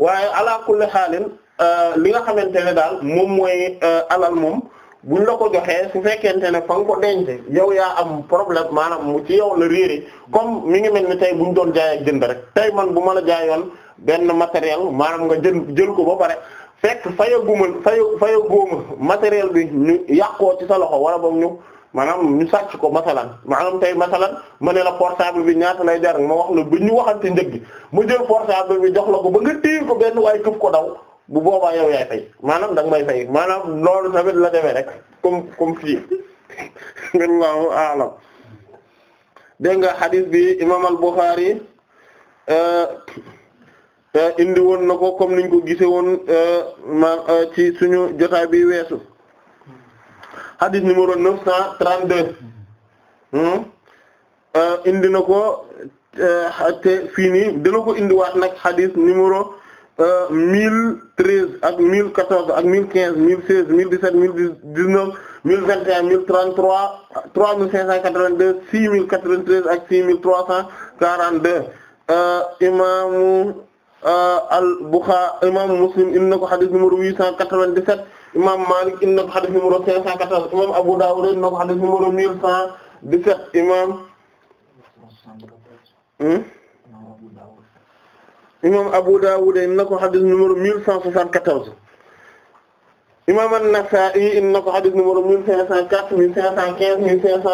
waaye ala kulli xaalin euh, li nga xamante ne daal moom mooy euh, alal moom. buñ la ko joxee su fekkente ne fa nga ko denc yow yaa am problème maanaam mu ci yow la réeré comme mi ngi mel ni tey bu mu doon jaay ak jënd rek tey man bu ma la jaayoon benn matériel maanaam nga jël jël ko ba pare fekk fayaguma faya fayaguma matériel bi ñu yàqoo ci sa loxo wala boog ñu maanaam ñu sàcc ko masalan maanaam tey masalan ma ne la portable bi ñaata lay jar ma wax la bu ñu waxante njëg gi mu jël portable bi jox la ko ba nga téye ko benn waaye këf ko daw. bu boobaa yow yaay fay maanaam da fay maanaam loolu tamit la demee rek comme comme fii [LAUGHS] wallahu a'lam dégg nga xadis bi imam al euh, euh, indi woon na ko comme niñ ko gise woon euh, ma ci suñu jotaay bi weesu xadis numéro neuf cent trente-deux hmm? indi na ko te fii nii ko indiwaat nag xadis numéro mille treize ak mille quatorze ak mille quinze mille seize mille dix-sept mille dix-neuf mille vingt un mille trente-trois trois mille cinq cent quatre-vingt-deux six mille quatre-vingt-treize ak six mille trois cent quarante-deux euh, imaamu euh, al-Bukhari imaamu Muslim indi na ko xadis huit cent quatre-vingt-dix-sept imaamu Mâlik indi na ko xadis numéro cinq cent quatorze imaamu Abu Dâwud indi na ko xadis mille cent dix-sept imaamu hmm? imam Abu Dawud in na ko xadis numéro mille cent soixante-quatorze imam An-Nasa'i in na quatre mille cent quinze mille cent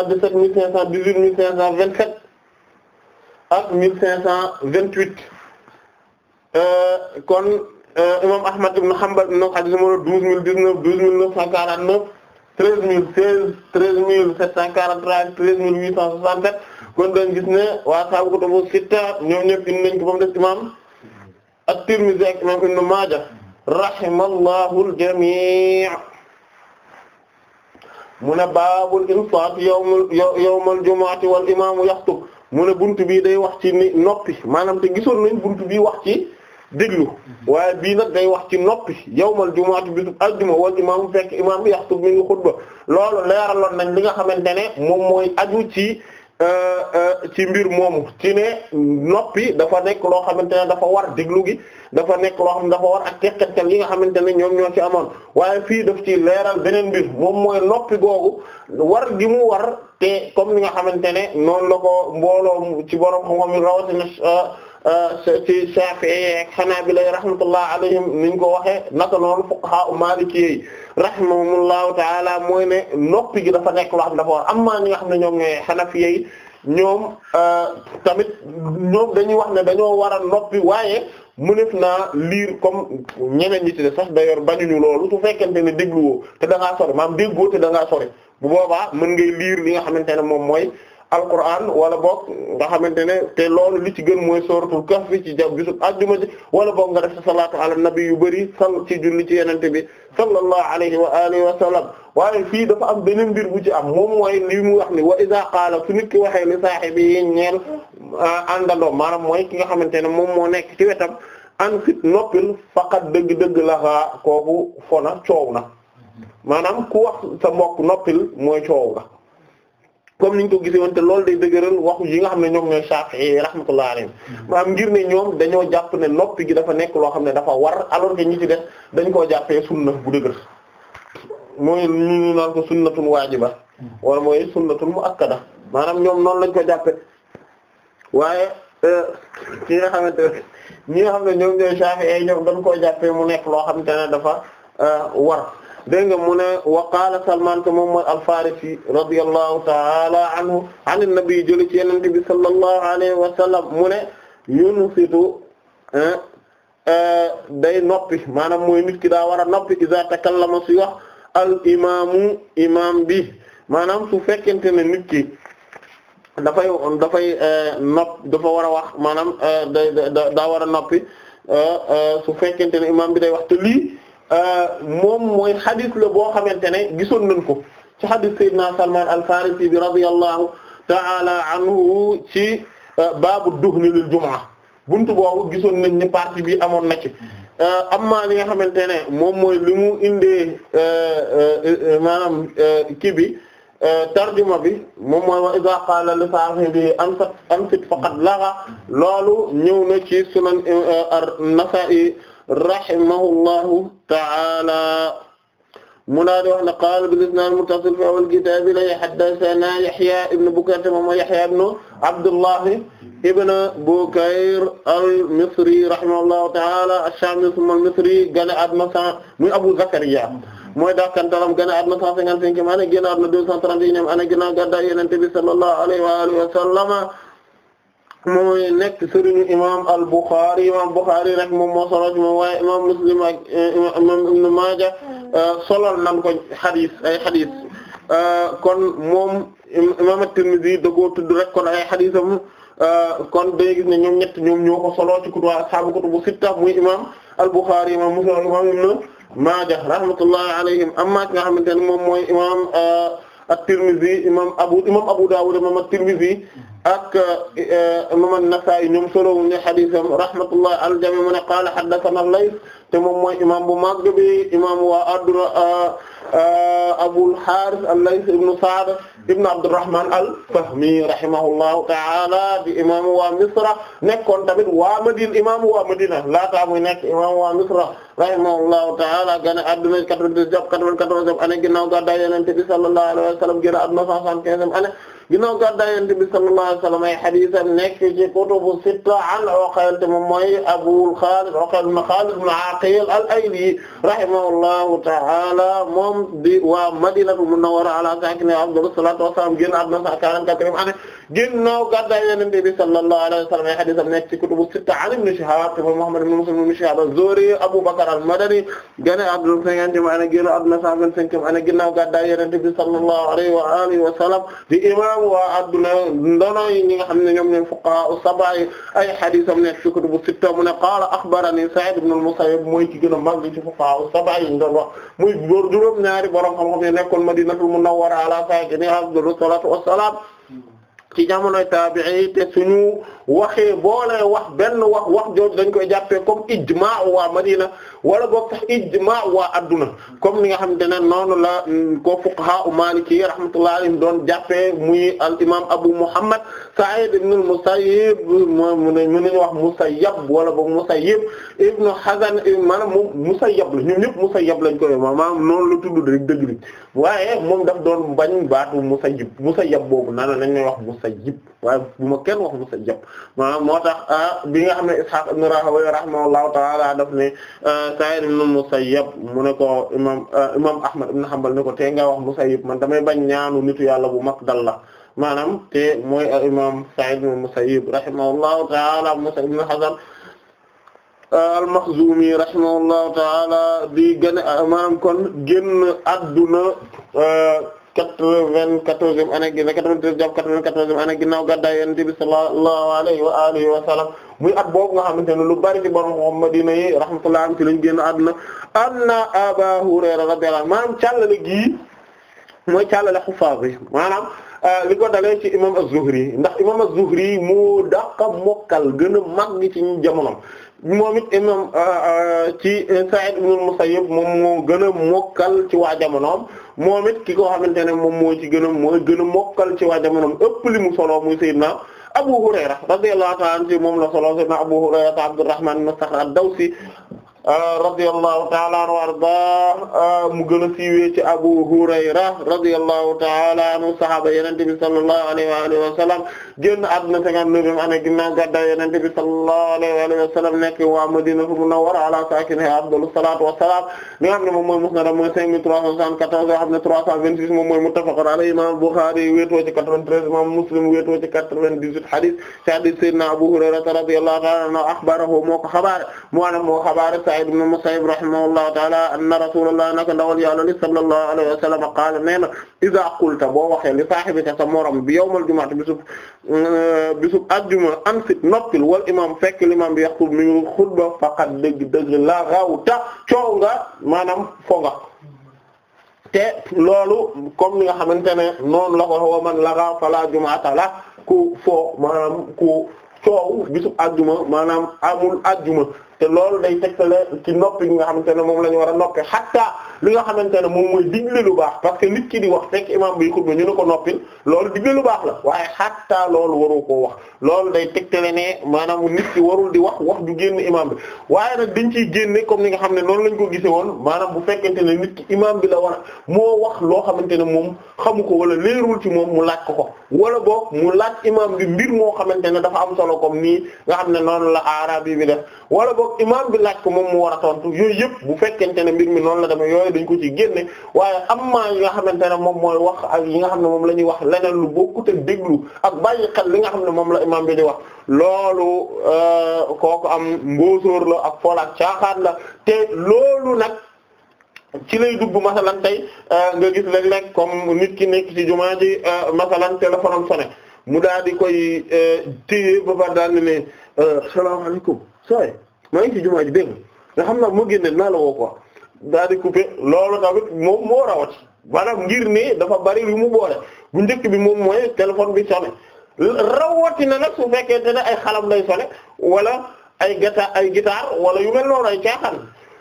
dix-sept mille cent dix-huit mille cent vingt-sept ak mille cent vingt-huit euh, kon euh, imam Ahmad ibn Hanbal in na ko douze mille dix-neuf douze mille neuf cent quarante-neuf treize mille seize treize mille sept cent quarante-trois treize mille huit cent soixante-sept kon dañ gis ne waa saabu kutubu sitta ñoom ñëpp indi nañ ko ba des imam at-Tirmidhi ak imam Ibn Maaja rahimallahu al-jamii' mu ne baabul insaat yawmul yawmul jumu'ati wal imaamu yaxtub mu ne buntu bii day wax ci ni noppi maanaam te gisoon nañ buntu bii wax ci déglu waaye bii nag day wax ci noppi yawmal jumu'ati bisub aljuma wal imaamu fekk imaam yaxtub mi ngi xutba loolu leeraloon nañ li nga xamante ne moom mooy aju ci. Euh, euh, ci mbir moomu ci ne noppi dafa nekk loo xamante ne dafa war diglu gi dafa nekk loo xam dafa war ak tekkantal yi nga xamante ne ñoom ñoo ci amoon waaye fii daf ci leeral beneen mbir moom mooy noppi googu war gi mu war te comme ni nga xamante ne noonu la ko mbooloo ci borom xam-xam yi rawatina euh, Euh, ci Shafi'i ak Hanabila rahmatullah alayhim niñ ko waxee naka noonu fuqaha Maliki yi rahimahumullahu ta'ala mooy ne noppi gi dafa nekk loo xam dafa war ñi nga xam ne ñoom ñooy Hanafi yi ñoom euh, tamit ñoom dañuy wax ne dañoo war a noppi waaye mëneef na liir comme ñeneen ñi ci de sax d'ailleurs bañuñu loolu su fekkente ne dégluwoo te da ngaa sori maam déggoo te da sori bu boobaa mën ngay liir li nga xamante ne moom mooy alquran wala boog nga xamante ne te loolu li ci gën mooy sooratul kahf ci jàpp bisu àjjuma ji wala boog nga def sa salaatu ala nabi yu bëri sal ci julli ci yenente bi sallallahu alayhi wa alihi wa sallam waaye fii dafa am beneen mbir bu ci am moom mooy li mu wax ni wa iza qaala su nit ki waxee li saahibi yi ñeel ah, àndandoo maanaam mooy ki nga xamante ne moom moo nekk ci wetam an fit noppil faqat dëgg-dëgg laxaa kooku fona coow na maanaam ku wax sa mbokk noppil mooy coow na comme niñ ko gisee woon te loolu day dëgëral waxu yi nga xam ne ñoom ñooy Shafi'i rahmatullahi alayhim mm-hmm. maanaam ngir ne ñoom dañoo jàpp ne noppi gi dafa nekk loo xam ne dafa war alors que ñi ci def dañ koo jàppee sunna bu dëgër mooy ñu naan ko sunnatun waajiba mm-hmm. wala mooy sunnatun muakkada maanaam ñoom noonu lañ ko jàppee waaye ñi euh, nga xamante ñi nga xam ne ñoom ñooy Shafi'i ñoom dañ koo jàppee mu nekk loo xamante ne dafa euh, war dégg nga mu ne wa qaala Salmaan te moom mooy al-Faarisi radiyallahu ta'ala anhu an an-nabi jëli bi sallallahu alayhi wa sallam mu yunsitu eh, eh, day noppi maanaam mooy nit ki daa war a noppi iza takallama su wax al imaamu imaam bi maanaam su fekkente ne nit ki dafay dafay eh, nopp dafa war a wax maanaam da daa war a noppi su fekkente ne imaam bi day wax te lii Euh, moom mooy xadis la boo xamante ne gisoon nañ ko ci xadis Seydina Salman al-Farisi bi radiyallahu ta'ala anhu ci euh, baabu duhni lil jumaa buntu boobu gisoon nañ ni partie bi amoon na ci euh, amma li nga xamante ne moom mooy li mu inde maanaam kii bi tarjuma bi moom mooy wa iza qala li sahibihi amsik faqad laga loolu ñëw na ci sunan an-Nasa'i rahimahullahu ta'ala mu daal di wax ne qaala bil-isnaad al-muttasil fi awwal kitaab la haddathanaa Yahyaa ibn Bukayr moom Yahyaa ibn Abdullah ibn Bukayr al-Misri rahimahullahu ta'ala ash-Shaami thumma al-Misri gane àdduna cent muy Abu Zakariyaa mooy dàkkantalam gane àdduna cent cinquante-cinq ana génn àdduna deux cent trente et un ana ginnaaw gàddaay Yonent bi sallallahu alayhi wa aalihi wa sallam mooy nekk sëriñu imam al-Bukhari imam Bukhari rek moom moo solo ci moom waaye imam Muslim ak eh, imam Ibn Maaja eh, ko eh, moom imam at-Tirmidhi dëggoo tudd rek kon ay xadisam kon day gis ñoom ñett ñoom ñoo ko solo ci kutubu ashaabu kutubu sitta muy imam al-Bukhari imam Muslim imam Ibn Maaja rahmatullahi alayhim amma nga xamante ne moom mooy imam at-Tirmidhi imam Abu imam Abu Dawud imam at-Tirmidhi ak eh, imam an-Nasa'i ñoom solo ñu hadiisam rahmatullah al-jami' mu ne qaala haddathana Layth te moom mooy imam bu mag bi imam waa adduna Abul Haaris al-Layth ibn Sa'd ibn Abdurrahman al-Fahmi rahimahullahu ta'ala di imam waa Misra nekkoon tamit waa Madina imam waa Madina laataa muy nekk imam waa Misra rahimahullahu ta'ala gane adduna 90 jàpp 94 année ginnaaw gàddaay Yonent bi sallallahu alayhi wa sallam génn adduna 175 année ginnaaw gàddaay Yonent bi sallallahu alayhi wa sallam ay hadiisam nekk ci kutubu sitta an Uqayl te moom mooy Abul Xaalid Uqayl ibn Xaalid ibn Aqiil al-Ayli rahimahullahu ta'ala moom di waa Madinatul Munawwara ala saakinihaa afdalu salaatu wa salaam génn àdduna 144 année ginnaaw gàddaay Yonent bi sallallahu alayhi wa sallam ay hadiisam nekk ci kutubu sitta an Ibn Shihaab te moom Muhammad ibn Muslim ibn Shihaab az-Zuhri Abu Bakr al-Madani génn àdduna 50 année génn àdduna 125 année ginnaaw gàddaay Yonent bi sallallahu alayhi wa aalihi wa sallam di imaam waa adduna ndono yi ñi nga xam ne ñoom ñooy fuqahaa sab'a yi ay hadiisam nekk ci kutubu sitta mu ne qaala axbaranii Sa'iid ibn al-Musayyib mooy ci gën a mag ci fuqahaa sab'a yi doon wax muy góor juróom-ñaari borom xam-xam yi nekkoon Madiinatul Munawwara ala saakinihaa afdalu salaatu wassalaam ci jamonoy taabi'i te suñu wax benn wax wax jooju dañ koy jàppee comme ijmaa waa Madina wala boog sax ijmaa waa adduna comme ni nga xamante ne noonu la mm, ko fuqaha u maliki rahmatullahi alayhim doon jàppee muy al imam Abu Muhammad Sa'id ibn al-Musayyib mu ne ñu wax Musayyab wala boog Musayyib ibn Hazan maanaam moom Musayyab la ñun ñëpp Musayyab lañ koy maanaam noonu la tudd rek dëgg waaye moom daf doon bañ baatu Musayyib Musayyab boobu naan nañ ñuy wax Musayyib waaye bu ma kenn wax musajjab maanaam moo tax ah, bi nga xam ne Ishaq ibn Rahawayh rahimahullahu ta'ala daf ne ah, Sa'id ibn Musayyab mu ne ko imam ah, imam Ahmad ibn ne ko tee nga wax Musayyab man damay bañ ñaanu nitu yàlla bu mag dal la maanaam te mooy imam Sa'id ibn Musayyib rahimahullahu ta'ala Musa ibn Hazan al-Makhzumi rahimahullahu ta'ala di gën a maanaam kon génn adduna quatre-vingt-quatorzième année ginnaaw quatre-vingt-treize jàpp quatre-vingt-quatorzième année ginnaaw gàddaay Yonent bi sallallahu alayhi wa alihi wa sallam muy at boobu nga xamante ne lu bari ci borom xam Madina yi rahmatullah am ci lañ génn àdduna anna Aba Hurayra radiyallahu anhu maanaam càllale gii mooy càllale xufaas yi maanaam euh, li ko dalee ci imam az-Zuhri ndax imam az-Zuhri moo dàqa mokkal gën a mag ci jamonom moom it imam euh, euh, ci Sa'id ibn al-Musayyib moom moo gën a mokkal ci waa jamonoom moom it ki koo xamante ne moom moo ci gën a moo gën a mokkal ci waa jamonoom ëpp li mu solo muy Seydina Abu Hurayra radiyallahu ta'ala anhu moom la solo Seydina Abu Hurayra Abdurrahman ibn Sakhr ad-Dawsi Euh, radiyallahu ta'ala anhu arda euh, mu gën a siiwee ci Abu Hurayra radiyallahu ta'ala anhu sahaaba Yonent bi sallallahu alayhi wa alihi wa sallam génn àdduna 59 année ginnaaw gàddaay Yonent bi sallallahu alayhi wa alihi wa sallam nekk waa Madinatu Munawwara ala saakinihaa afdalu salaatu wa salaam li nga xam ne moom mooy musnad mooy 5374 nga xam ne 326 moom mooy muttafaqun alayhi imaam Bukhari wéetoo ci 93 imaam Muslim wéetoo ci 98 hadith ci hadith Sayyidina Abu Hurayra radiyallahu ta'ala anhu akhbarahu moo ko xabaare moo xabaare Sa'id ibn Musayyib rahimahullahu ta'ala anna rasulullah naka ndawal yàlla li sallallahu alayhi wa sallam qaala nee na iza qulta boo waxee li saahibika sa morom bi yawmal jumu'ati bisub mm, bisub ajjuma ansit noppil wal imam fekk l'imam bi yaxtub mi ngi xutba faqad dëgg dëgg la rawta coow nga maanaam foga te loolu comme ni nga xamante ne noonu la ko wa man laga fala jumata la ku foo maanaam ku coow bisub ajjuma maanaam amul ajjuma te loolu day tegtale ci noppi gi nga xamante ne moom la ñu war a noppi xatta li nga xamante ne moom mooy digle lu baax parce que nit ki di wax fekk imam bi xutba ñu ne ko noppi loolu digle lu baax la waaye xatta loolu waru koo wax loolu day tegtale ne maanaam nit ki warul di wax wax du génn imam bi waaye nag dañ ciy génne comme ni nga xam ne noonu lañ ko gisee woon maanaam bu fekkente ne nit ki bi la war a moo wax loo xamante ne moom xamu ko wala leerul ci moom mu laaj ko ko wala boog mu laaj bi mbir moo xamante ne dafa am solo comme nii nga xam ne noonu la arabi bi def wala boog imaam bi laaj ko moom mu waratoon a yooyu yëpp bu fekkente ne mbir mi noonu la demee yooyu dañ ko ci génne waaye amma yi nga xamante ne moom mooy wax ak yi nga xam ne moom la ñuy wax leneen lu bokkut ak déglu ak bàyyi xel li nga xam ne moom la imaam bi di wax loolu euh, kooku am mbóosóor la ak fool ak la te loolu nag ci lay dugg masalan tey euh, nga gis léeg-léeg comme nit ki nekk ci jumaa ji euh, masalan téléphone am sonné mu daal di koy téye ba pare daal di ne salaamaaleykum. sooy maa ngi ci jumaa ji nga xam naa mu génne naa la woo quoi daal di coupé loolu tamit moom moo rawat maanaam ngir ne dafa bari lu mu boole bu njëkk bi moom mooy téléphone bi sonné na nag su fekkente ne ay xalam lay sonné wala ay gata ay guitare wala yu mel noonu ay caaxaan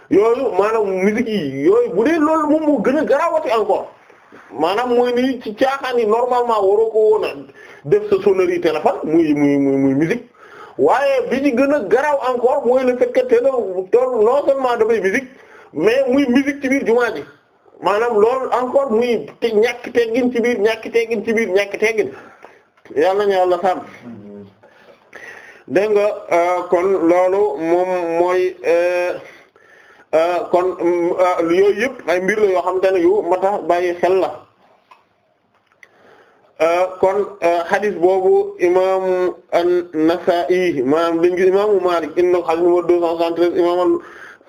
yooyu maanaam musique yi yooyu bu dee loolu moom moo gën a garawati encore maanaam mooy ni ci caaxaan yi normalement waroo ko woon def sa sonnerie téléphone muy muy muy waaye bi ci gën a garaaw encore mooy na fait que te tool non seulement dafay musique mais muy musique ci biir jumaa ji maanaam loolu encore muy te ñàkk teggin ci biir ñàkk teggin ci biir ñàkk teggin yàlla nañu nga euh, kon loolu moom mooy euh, euh, kon yooyu yëpp ay mbir la yoo xamante ne yu mata bàyyi xel la Euh, kon euh, hadis boobu imaamu an-Nasaa'i maanaam liñ gis imaamu Maalik indi na ko hadis numéro deux cent soixante-treize imaamu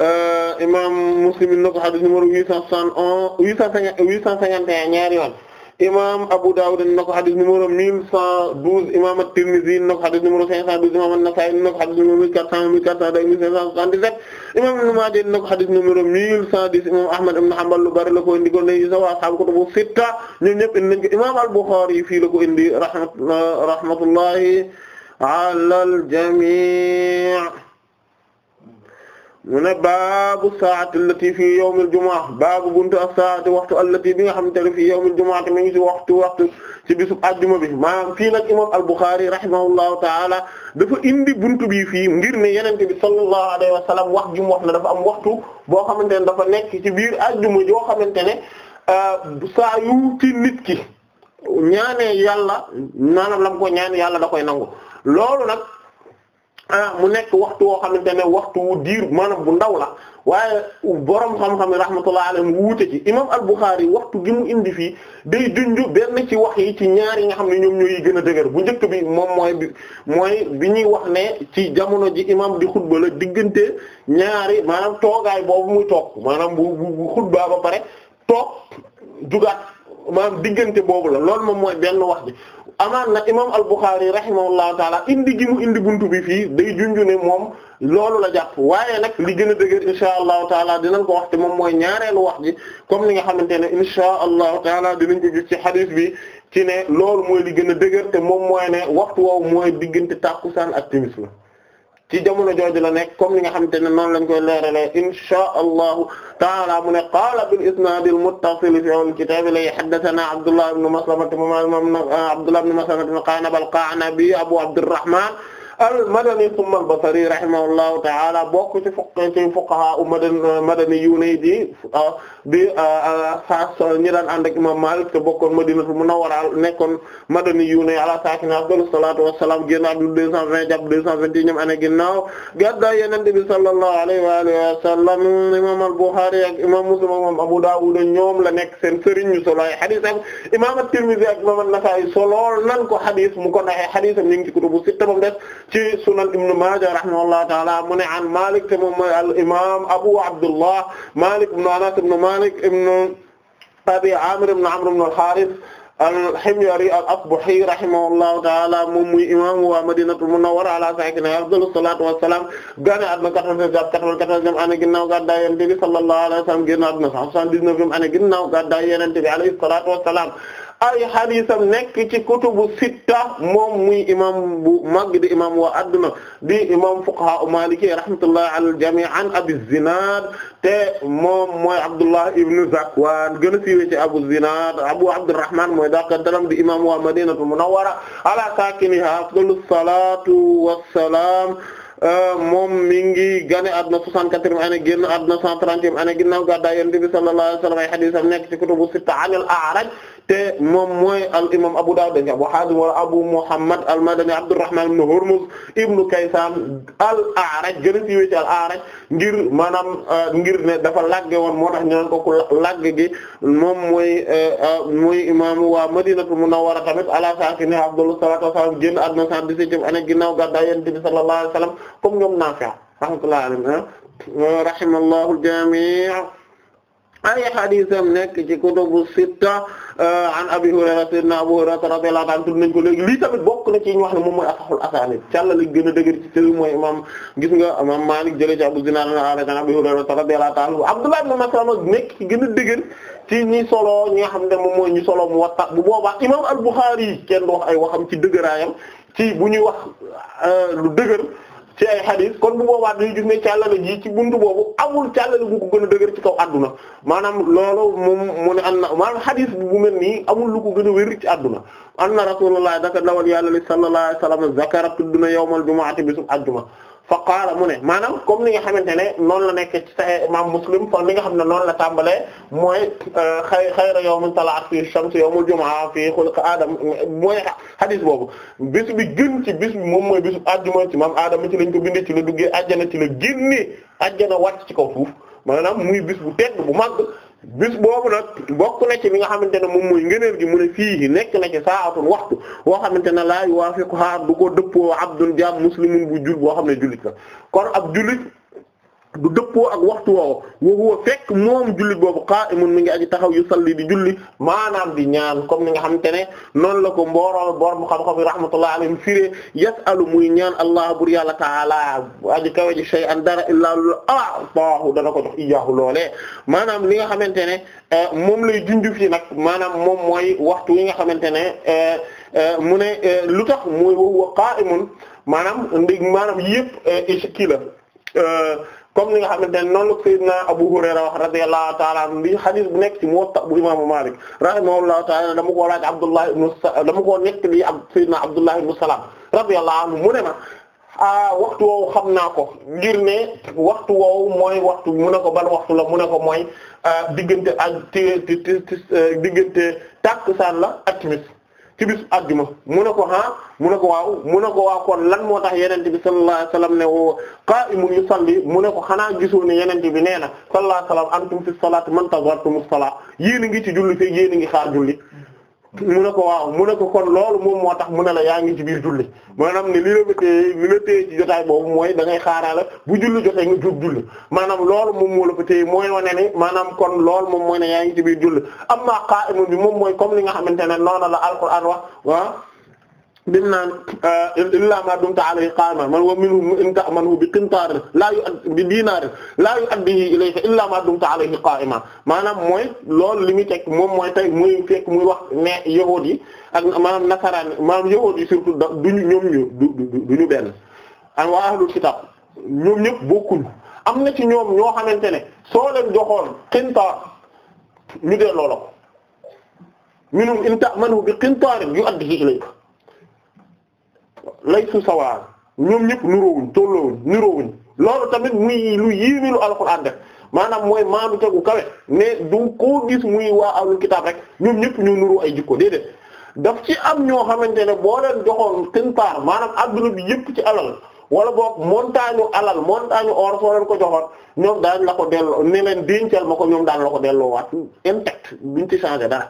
euh, imaamu Muslim indi na ko hadis numéro huit cent soixante et un huit cent cinquante et un ñaari yoon imam Abu Dawud na ko xadis numéro mille cent douze imam At-Tirmidhi na ko xadis numéro cinq cent douze imam An-Nasa'i na ko xadis numéro mille quatre cent mille quatre cent deux mille cinq cent soixante-dix-sept imam Ibn Majah na ko xadis numéro mille cent dix imam Ahmad ibn Hanbal lu bari la ko indi ko nañu sa waa ko kutubu sitta ñoom ñëpp indi nañ ko imam Al-Bukhari fii la ko indi rahmat rahmatullahi ala al-jami' mu ne baabu saati allati fii yawmil jumaa baabu buntu as-saati waxtu allati bi nga xamante ne fii yawmil jumaa te mi ngi ci waxtu waxtu ci bisub ajjuma bi maanaam fii nag imam al-Bukhari rahimahullahu taala dafa indi buntu bi fii ngir ne yenente bi sallallahu alayhi wa wax ji mu wax na dafa am waxtu boo xamante ne dafa nekk ci biir ajjuma yoo xamante ne euh, saa yu ci nit ki ñaanee yàlla maanaam la mu ko ñaan yàlla da koy nangu loolu nag Ah, mu nekk waxtu woo xamante ne waxtu wu diir maanaam bu ndaw la waaye borom xam-xam yi rahmatullahi alayhi mu wuute ci imam al-Bukhari waxtu gi mu indi fii day junju benn ci wax yi ci ñaar yi nga xam ne ñoom ñooy gën a dëgër bu njëkk bi moom mooy bi mooy bi ñuy wax ne ci jamono ji imam di xutba la diggante ñaari maanaam toogaay boobu muy toog maanaam bu bu ba pare toog jugaat maanaam diggante boobu la loolu moom mooy benn wax bi amaan na imam al-Bukhari rahimahullahu taala indi gi mu indi buntu bi fii day junju ne moom loolu la jàpp waaye nag li gën a dëgër insha allah taala dinañ ko wax te moom mooy ñaareelu wax ji comme ni nga xamante ne insha allahu taala dinañ ko gis ci hadith bi ci ne loolu mooy li gën a dëgër te moom mooy ne waxtu woowu mooy diggante tàkkusaan saan timis la ci jamono jooju la nekk comme li nga xamante ne noonu lañ koy leeralee inshaa allahu taala mu ne qaala bil isnaadil muttasil fi al kitaab la haddathanaa Abdullah ibn Maslama imam Abdullah ibn Maslama ibn Qa'nab al-Qa'nabi Abu Abdurrahman al-Madani thumma al-Basri rahimahullahu ta'ala bokk ci fuqaha ci fuqaha madaniyuun di ah, di xaas ah, ah, ñi daan ànd ak Imam Malik te bokkoon Madinatu Munawwara nekkoon madaniyuun ala saakinihaa afdalu salaatu wa salaam génn àdduna 220 jàpp 221 année ginnaaw gàddaay Yonent bi sallallahu alayhi wa alihi wa sallam Imam al-Bukhari ak Imam Muslim ak Imam Abu Dawud ñoom la nekk seen sëriñ ñu solo ay hadith ak Imam at-Tirmidhi ak Imam an-Nasa'i solo nan ko hadith mu ko naxee hadith am ñu ci sunan ibnu Maaja rahimahullahu taala mu ne an Malik te moom mooy al imam Abu Abdullah Malik ibnu Anas ibnu Malik ibnu Abi Amir ibnu Amr ibnu al-Harith al-Himyari al-Asbahi rahimahullahu ta'ala moom muy imam waa Madinatul Munawwara ala saakinihaa afdalu salaatu wa salaam gane àdduna 94 ane ginnaaw gàddaay Yonent bi sallallahu alayhi wa sallam génn àdduna 79 ane ginnaaw gàddaay Yonent bi alayhi salaatu wa salaam ay xadiisam nekk ci kutubu sitta moom muy imam bu mag di imam waa di imam fuqaha maliki rahmatullah ala jami an abi zinad te moom mooy abdullah ibnu zakwaan gën a siiwee ci abu zinad abu abdurrahman mooy di imam waa madinatu munawwara ala saakiniha afdalu salatu wassalam moom mi ngi gane àdduna 64e année génn àdduna 130e année ginnaaw gàddaay Yonent bi sallallahu wa sallam ay hadiisam nekk ci kutubu sitta an al-A'raj te moom mooy al imam Abu Dawud dañ Abu Hazim wala Abu Muhammad al-Madani Abdurrahman ibn Hurmuz ibn Kaysan al-A'raj gën a siiwee ci al-A'raj ngir maanaam euh, ngir ne dafa lagge woon moo tax ñu naan ko ku lagge gi moom mooy euh, euh, imam waa Madinatu Munawwara tamit ala sakiniha afdalu salaatu wa salaam génn àdduna 117e année ginnaaw gàddaay Yonent bi sallallahu ñoom Naafi' rahmatullahi alayhi rahimallahu al ay hadiisam nekk ci kutubu sitta euh, an Abi Hurayra sayyidina Abu Hurayra radiyallahu anhu tudd nañ ko léegi lii tamit bokk na ci ñu wax ne moom mooy asahul asaanid càlla li gën a dëgër ci sëriñ mooy imam gis nga imam Maalik jëlee dëgër ci ñi solo ñi nga xam ne moom mooy ñu solo mu watta bu boobaa imam al-Bukhari kenn du wax ay waxam ci dëgëraayam ci bu ñuy wax euh, lu dëgër ci ay xadis kon bu boobaa dañuy gis ne càllale ji ci buntu boobu amul càllale bu ko gën a dëgër ci kaw àdduna maanaam loolu moom mu ne am na maanaam xadis bu mel nii amul lu ko gën a wér ci àdduna anna da daka dawal yàlla li sallallahu alayhi wasallam zakara tudd na yawmal jumu'ati bisum àjjuma fa qaala mu ne maanaam comme ni nga xamante ne noonu la nekk ci Sahih Muslim kon li nga xam ne noonu la tàmbalee mooy euh, xay xayra yawmin tala'at fii shams yawmul jumaa fii xulqi aadam mooy hadith boobu bis bi gën ci bis bi moom mooy bisu àjjuma ci maam aadama ci lañ ko bindee ci la duggee àjjana ci la génnee àjjana wàcc ci kaw suuf maanaam muy bis bu tedd bu mag bis boobu nag bokk na ci li nga xamante ne moom mooy ngëneel gi mu ne fii nekk na ci saatun waxtu boo xamante ne laa yuwaafiquhaa du ko dëppoo abdun jaam muslimun bu jul boo xam ne jullit la kon ab jullit du dëppoo ak waxtu woowo wa huwa fekk moom jullit boobu qa'imun mi ngi aji taxaw yu salli di julli maanaam di ñaan comme ni nga xamante ne noonu la ko mbooroo borom xam-xam yi rahmatullah alayhim firee yasalu muy ñaan allah bur yàlla taala aji kawe ji shay'an dara illaa lu ataahu ah, dana ko jox iyaahu loolee maanaam li nga xamante ne eh, moom lay junju fi nag maanaam moom mooy waxtu yi nga xamante ne eh, eh, mu ne lu tax mooy wa huwa qa'imun maanaam ndig maanaam yëpp kii comme ni nga xam ne noonu la Seydina Abu Hurayra wax radiyallahu ta'ala anhu li hadith bu nekk ci Muwatta bu imaamu Malik rahimahullahu ta'ala dama koo laaj Abdullah ibn dama koo nekk li ab Seydina Abdullah ibn Salam radiyallahu anhu mu ne ma ah waxtu woowu xam naa ko gir ne waxtu wow mooy waxtu mu ne ko ban waxtu la mu ne ko mooy diggante ak ti diggante tàkkusaan la ak timis ci bis àjjuma mu ne ko ah mu ne ko waaw mu ne ko waaw kon lan moo tax yonent bi sallallahu alayhi wasallam ne wo qa'imun yusalli mu ne ko xanaa gisoo ne yonent bi nee na sallallahu alayhi wasallam antum fi salati man tazartumus salat yéen a ngi ci julli fekk yéen a ngi xaar julli mu ne ko waaw mu ne ko kon loolu moom moo tax mu ne la yaa ngi ci biir julli maanaam ne li la téye li la téye jotaay boobu mooy dangay ngay xaaraale bu julli jotee nga jub julli maanaam loolu moom moo la fa téye mooy wane ne maanaam kon lool moom mooy ne yaa ngi ci biir julli amma qa'imun bi moom mooy comme li nga xamante ne noonu la alquran wax wa ah bi mu naan ah, illaa ma dumta alayhi qaama man wa minhum in ta'manhu bi qintaar laa yu bi diinaar laa yu'addihi ilayka illaa ma dumta alayhi qaa'ima maanaam mooy loolu li muy teg moom mooy tey muy fekk muy wax ne yahuud yi ak maanaam nasaraan maanaam yahuud yi surtout da ñu duñu benn am waa ahlul kitaab ñoom ñëpp bokkuñ am na ci ñoom ñoo xamante ne soo leen joxoon qintaar ñu delloo la ko minhum in ta'manhu bi qintaar yu'addihi ilayka laysu sawaa ñoom ñëpp niroowuñ tolloowuñ niroowuñ loolu tamit muy lu yéeme lu alxuraan def maanaam mooy maanu tegu kawe mais du ko gis muy waa ahlul kitaab rek ñoom ñëpp ñu niroo ay jikko déedéet daf ci am ñoo xamante ne boo leen joxoon seen part maanaam adduna bi yëpp ci alal wala boog montagne alal montagne or soo leen ko joxoon ñoom daañ la ko delloo ne leen dencal ma ko ñoom daan la ko delloowaat intact buñ ci changé dara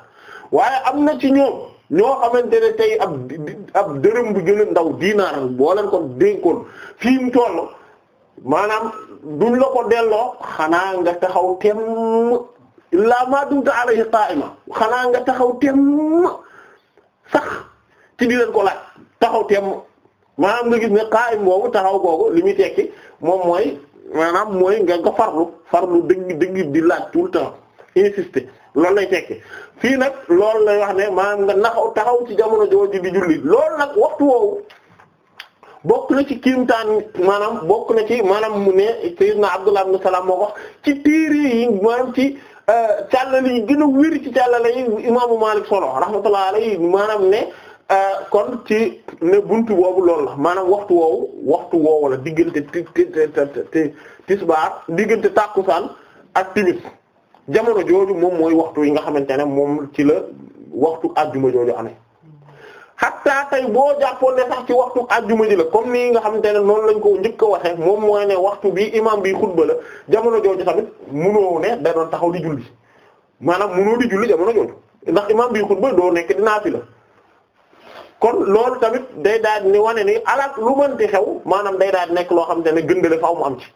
waaye am na ci ñoom. ñoo xamante ne tey ab ab dërëm bu gën a ndaw diinaar boo leen ko dénkoon fii mu toll maanaam duñ la ko delloo xanaa nga taxaw temm illaa maa dumta alayhi qaa'ima xanaa nga taxaw temm sax ci di ko laaj taxaw teem maanaam nga gis ne qaa'im boobu taxaw boobu li muy tekki moom mooy maanaam mooy nga nga farlu farlu dëgg dëgg di laaj tout le temps insister loolu lay tekki fii nag loolu lay wax ne maanaam nga naxaw taxaw ci jamono jooju di julli lool nag waxtu woowu bokk na ci kiimtaan maanaam bokk na ci maanaam mu ne Sayyidna Abdullah ibn Salam moo wax ci téere yi maanaam ci euh, càllale yi gën a wér ci càllale yi imaamu Maalik solo rahmatullahi alayhi maanaam ne euh, kon ci ne buntu boobu loolu la maanaam waxtu woowu waxtu woowu la diggante ti ti tisbaar diggante tàkkusaan ak timis jamono jooju moom mooy waxtu yi nga xamante ne moom ci la waxtu ajjuma jooju amee xatta tey boo jàppoon ne sax ci waxtu ajjuma ji la comme nii nga xamante ne noonu lañ ko njëkk a waxee moom mooy ne waxtu bi imam bi xutba la jamono jooju tamit munoo ne da doon taxaw di julli maanaam munoo di julli jamono jooju ndax imam bi xutba doo nekk di naafi la kon loolu tamit day daal ni wane ni alaat lu mënti xew maanaam day daal di nekk loo xamante ne gëndale faaw mu am ci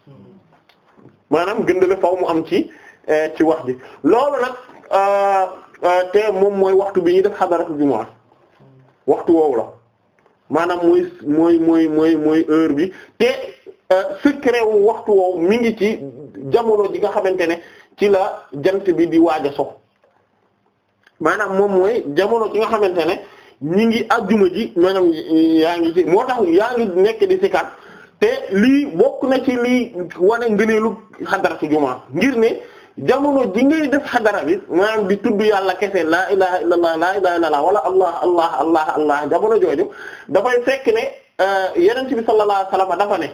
maanaam gëndale faaw mu am ci Eh, ci wax bi loolu nag euh, euh, te moom mooy waxtu bi ñuy def xadaratu jumaa waxtu woowu la maanaam mooy mooy mooy mooy mooy heure bi te euh, secret wu waxtu woowu mi ngi ci jamono ji nga xamante ne ci la jant bi di waaj a maanaam moom mooy jamono ji nga xamante ne ñi ngi ajjuma ji maanaam yaa ngi ci moo tax yaa ngi nekk di sikkat te lii bokk na ci lii wane ngëneelu xadaratu jumaa ngir ne jamono ji ngay def xadara bi maanaam di tudd yàlla kese laa ilaha illallah laa ilaha illallah wala allah allah allah allah jamono jooju dafay fekk ne euh, yonent bi sallallahu alayhi wasallam dafa ne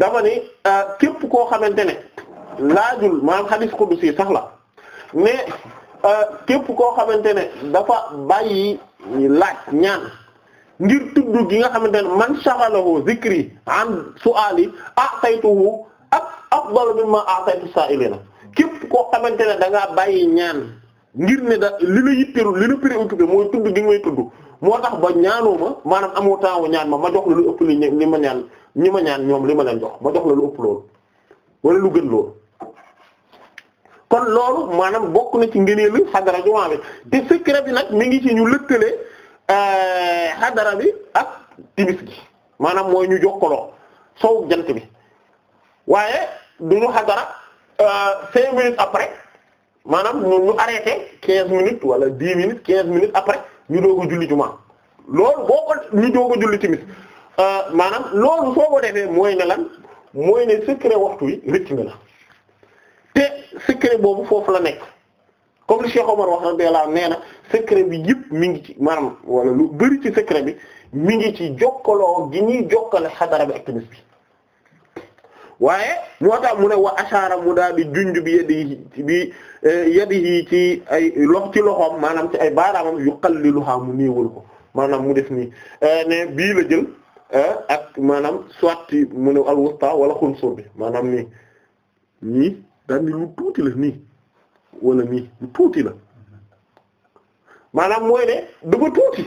dafa ne euh, képp koo xamante ne laajul maanaam hadith qudsi sax la ne euh, képp koo xamante ne dafa bàyyi laaj ñaan ngir tudd gi nga xamante ne man shaghalahu zikri an su'ali a'taytuhu ak afdal mimma a'taytu sa'ilina képp koo xamante ne danga bàyyi ñaan ngir ne da li la yitteelu li la préoccupé mooy tudd gi may tudd moo tax ba ñaanoo ma maanaam amoo temps wu ñaan ma ma jox la lu ëpp li ñi ma ñaan ñi ma ñaan ñoom li ma leen jox ma jox la lu ëpp loolu wala lu gën loolu kon loolu maanaam bokk na ci ngëneelu xadara jumaa bi te secret bi nag mu ngi ci ñu lëkkale euh, xadara bi ak timis gi maanaam mooy ñu jokkaloo sow jant bi waaye duñu xadara Euh, cinq minutes après maanaam ñu ñu arrêté quinze minutes wala dix minutes quinze minutes après ñu doog ko julli jumaa loolu boo ko ñu doog a julli timis euh, maanaam loolu soo ko defee mooy ne lan mooy ne secret waxtu wi rëcc nga la te secret boobu foofu la nekk comme li Cheikh Omar wax radiyallahu anhu nee na secret bi yëpp mi ngi ci maanaam wala lu bari ci secret bi mi ngi ci jokkaloo gi ñuy jokkale xadara bi ak timis bi waaye moo tax mu ne wa ashaara mu daal di junj bi yadihi bi e, yadihi ci ay lox ci loxoom maanaam ci ay baaraamam yuqalliluha mu néewal ko maanaam mu def nii e, ne bii la jël e, ak maanaam soit mu alwusta wala xunsur bi maanaam nii nii daal ni lu tuuti la nii wala nii lu tuuti la maanaam mooy ne dafa tuuti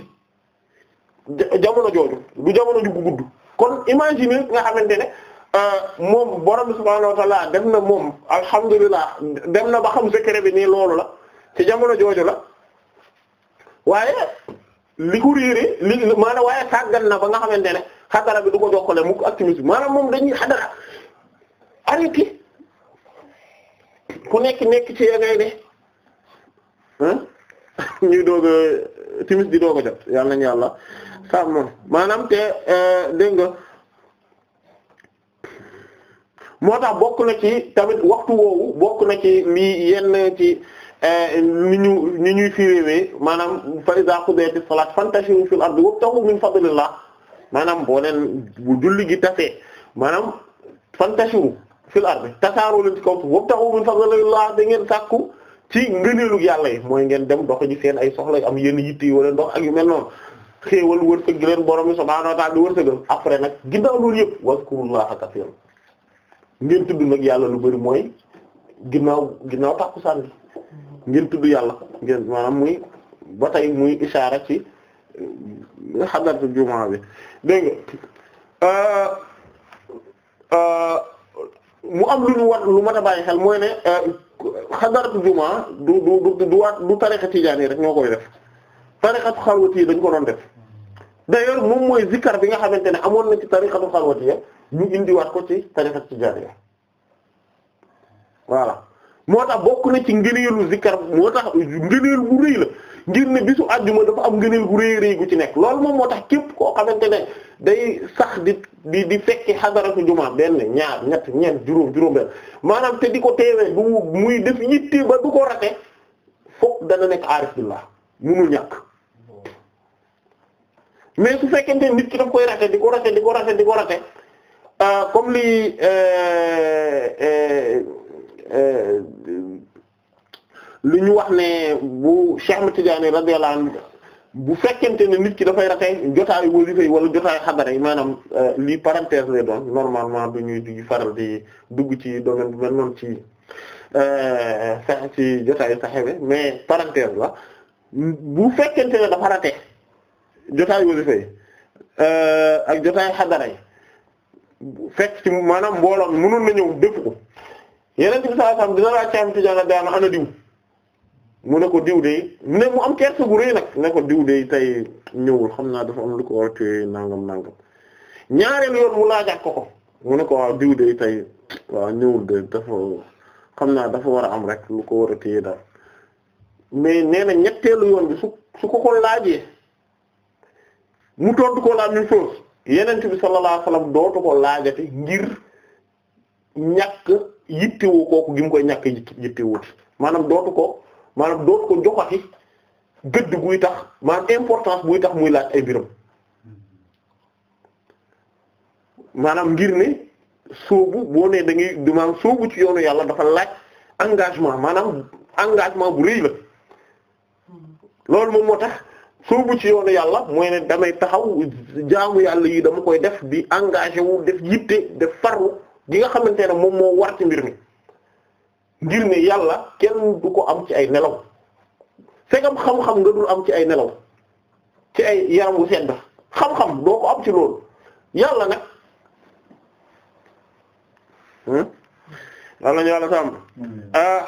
jamono jooju du jamono ju gudd kon imagine nga xamante ne Euh, moom borom subhaanahu def na moom alhamdulilah dem na ba xam secret bi nii loolu la te jamono jooju la waaye li ko réeré li maanaam waaye tàggat na ba nga xamante ne xadara bi du ko jokkale mu ko activiste bi moom dañuy xadara arrêté ku nekk nekk ci ya ngay de [LAUGHS] ñuy doog a timis di doog a jot yàlla nañu yàlla sàmm maanaam te euh, dégg nga. moo tax bokk na ci tamit waxtu woowu bokk na ci lii yenn ci eh, ni ñu ni ñuy firiwee maanaam fa iza qudiyati salat fantashiru fil ardi wabtaghu min fadlillah maanaam boo leen bu julli gi tasee maanaam fantashiru fil ardi tasaaroo leen ci kaw wabtaghu min fadlillah da ngeen sàkku ci ngëneelu yàlla yi mooy ngeen dem dox ji seen ay soxla am yenn yitt yi wala ndox ak yu mel noonu xéewal wërsëg leen borom subhaanahu wa ta'aala di wërsëgal après nag ginnaaw loolu yëpp wazkurullaha kasiiran ngeen tudd nag yàlla lu bari mooy ginnaaw ginnaaw tàkkusaan bi ngeen tudd yàlla ngeen maanaam muy ba tey muy ishaara ci xadartu jumaa bi dégg euh, euh, mu am lu ñu war lu mat a bàyyi xel mooy ne euh, xadaratu jumaa du du du du tariqa yi rek ñoo koy def tariqatu xalwati dañ ko doon def d'ailleurs moom mooy zikkar bi nga xamante ne amoon na ci tariqatu xalwatiya ñu indiwaat ko ci tariqatu tijaaniya voilà moo tax bokk na ci ngëneelu zikkar moo tax ngëneel bu rëy la ngir ne bisu àjjuma dafa am ngëneel bu rëy rëy gu ci nekk loolu moom moo tax képp koo xamante ne day sax di di di fekki xadaratu jumaa benn ñaar ñett ñeent juróom juróom benn maanaam te di ko teewee bu muy def yitte ba du ko rate fokk dana nekk aarif billah munul ñàkk mais su fekkente nit ki koy rate di ko rate di ko rate di ko rate ah, comme li euh, euh, euh, lu ñu wax ne bu Cheikh Ahmed Tidiane radiyallahu anhu bu fekkente ne nit ki dafay rate jotaayu wólifa yi wala jotaayu xadara yi maanaam lii parenthèse lay doon normalement du ñuy di faral di dugg ci domaine bu mel noonu ci sax ci jotaayu saxebe mais parenthèse la bu fekkente ne dafa rate jotaay wasifa yi euh, ak jotaay xadara yi fekk ci maanaam mbooloo mi mënoon na ñëw def ko yeneen bi sallallahu dina laa caam tijaana daana ana diw mu ne ko diw de ne mu am kersa gu rëy nag ne ko diw de tey ñëwul xam naa dafa am lu ko war te nangam nangam ñaareel yoon mu laajaat ko ko mu ne ko waaw diw de tey waaw ñëwul de dafa xam naa dafa war a am rek lu ko war a téye daal mais nee na ñetteelu yoon su ko ko laajee mu tontu ko la même chose yenent bi sallallahu alayhi wasallam dootu ko laajate ngir ñàkk yittewu kooku gi mu koy ñàkk yittewuti maanaam dootu ko maanaam dootu ko joxati gëdd buy tax maanaam importance buy tax muy laaj ay biram maanaam ngir ni sóobu boo ne da ngay maanaam ci yoonu yàlla dafa laaj engagement maanaam engagement bu rëy la loolu moom moo tax bu ci yoonu yàlla mooy ne damay taxaw jaamu yàlla yi dama koy def di engagé wu def yitte def farlu gi nga xamante ne moom moo war ci mbir mi ngir ne yàlla kenn du ko am ci ay nelaw segam xam-xam nga dul am ci ay nelaw ci ay yaram wu sedd xam-xam doo ko am ci loolu yàlla nag hmm? wal nañu yàlla sàmm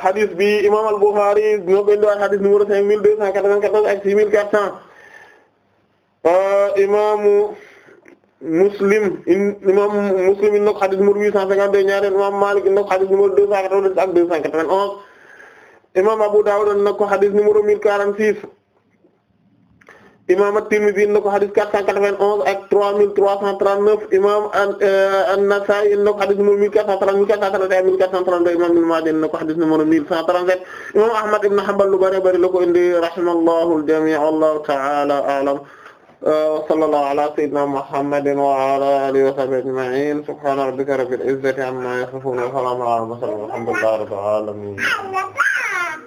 hadis ah, bi imam al-Bukhari ñoo ko indiwaat hadis numéro cinq mille deux cent quatre-vingt-quatorze ak six mille quatre cents ah, imaamu Muslim imam Muslim in na ko hadis huit cent cinquante-deux ñaareel imam Malik in na ko hadis deux cent quatre-vingt-dix imam Abu Dawud in na ko hadis mille quarante-six imaam at-Tirmidhi na ko xadis 491 ak 3339 imaam euh, an-Nasa'i na ko xadis numéro 1430 1431 1432 imaam Ibn Maaja na ko xadis numéro 1137 imaam Ahmad ibn Hanbal lu bari bari la ko indi rahimallahu al-jami' wallahu ta'ala a'lam wa sallallahu ala sayyidina Muhammadin wa ala alihi wa sahbihi ajma'in subhana rabbika rabbil izzati amma yasifun wa salamun ala al-mursalin walhamdulillahi rabbil alamin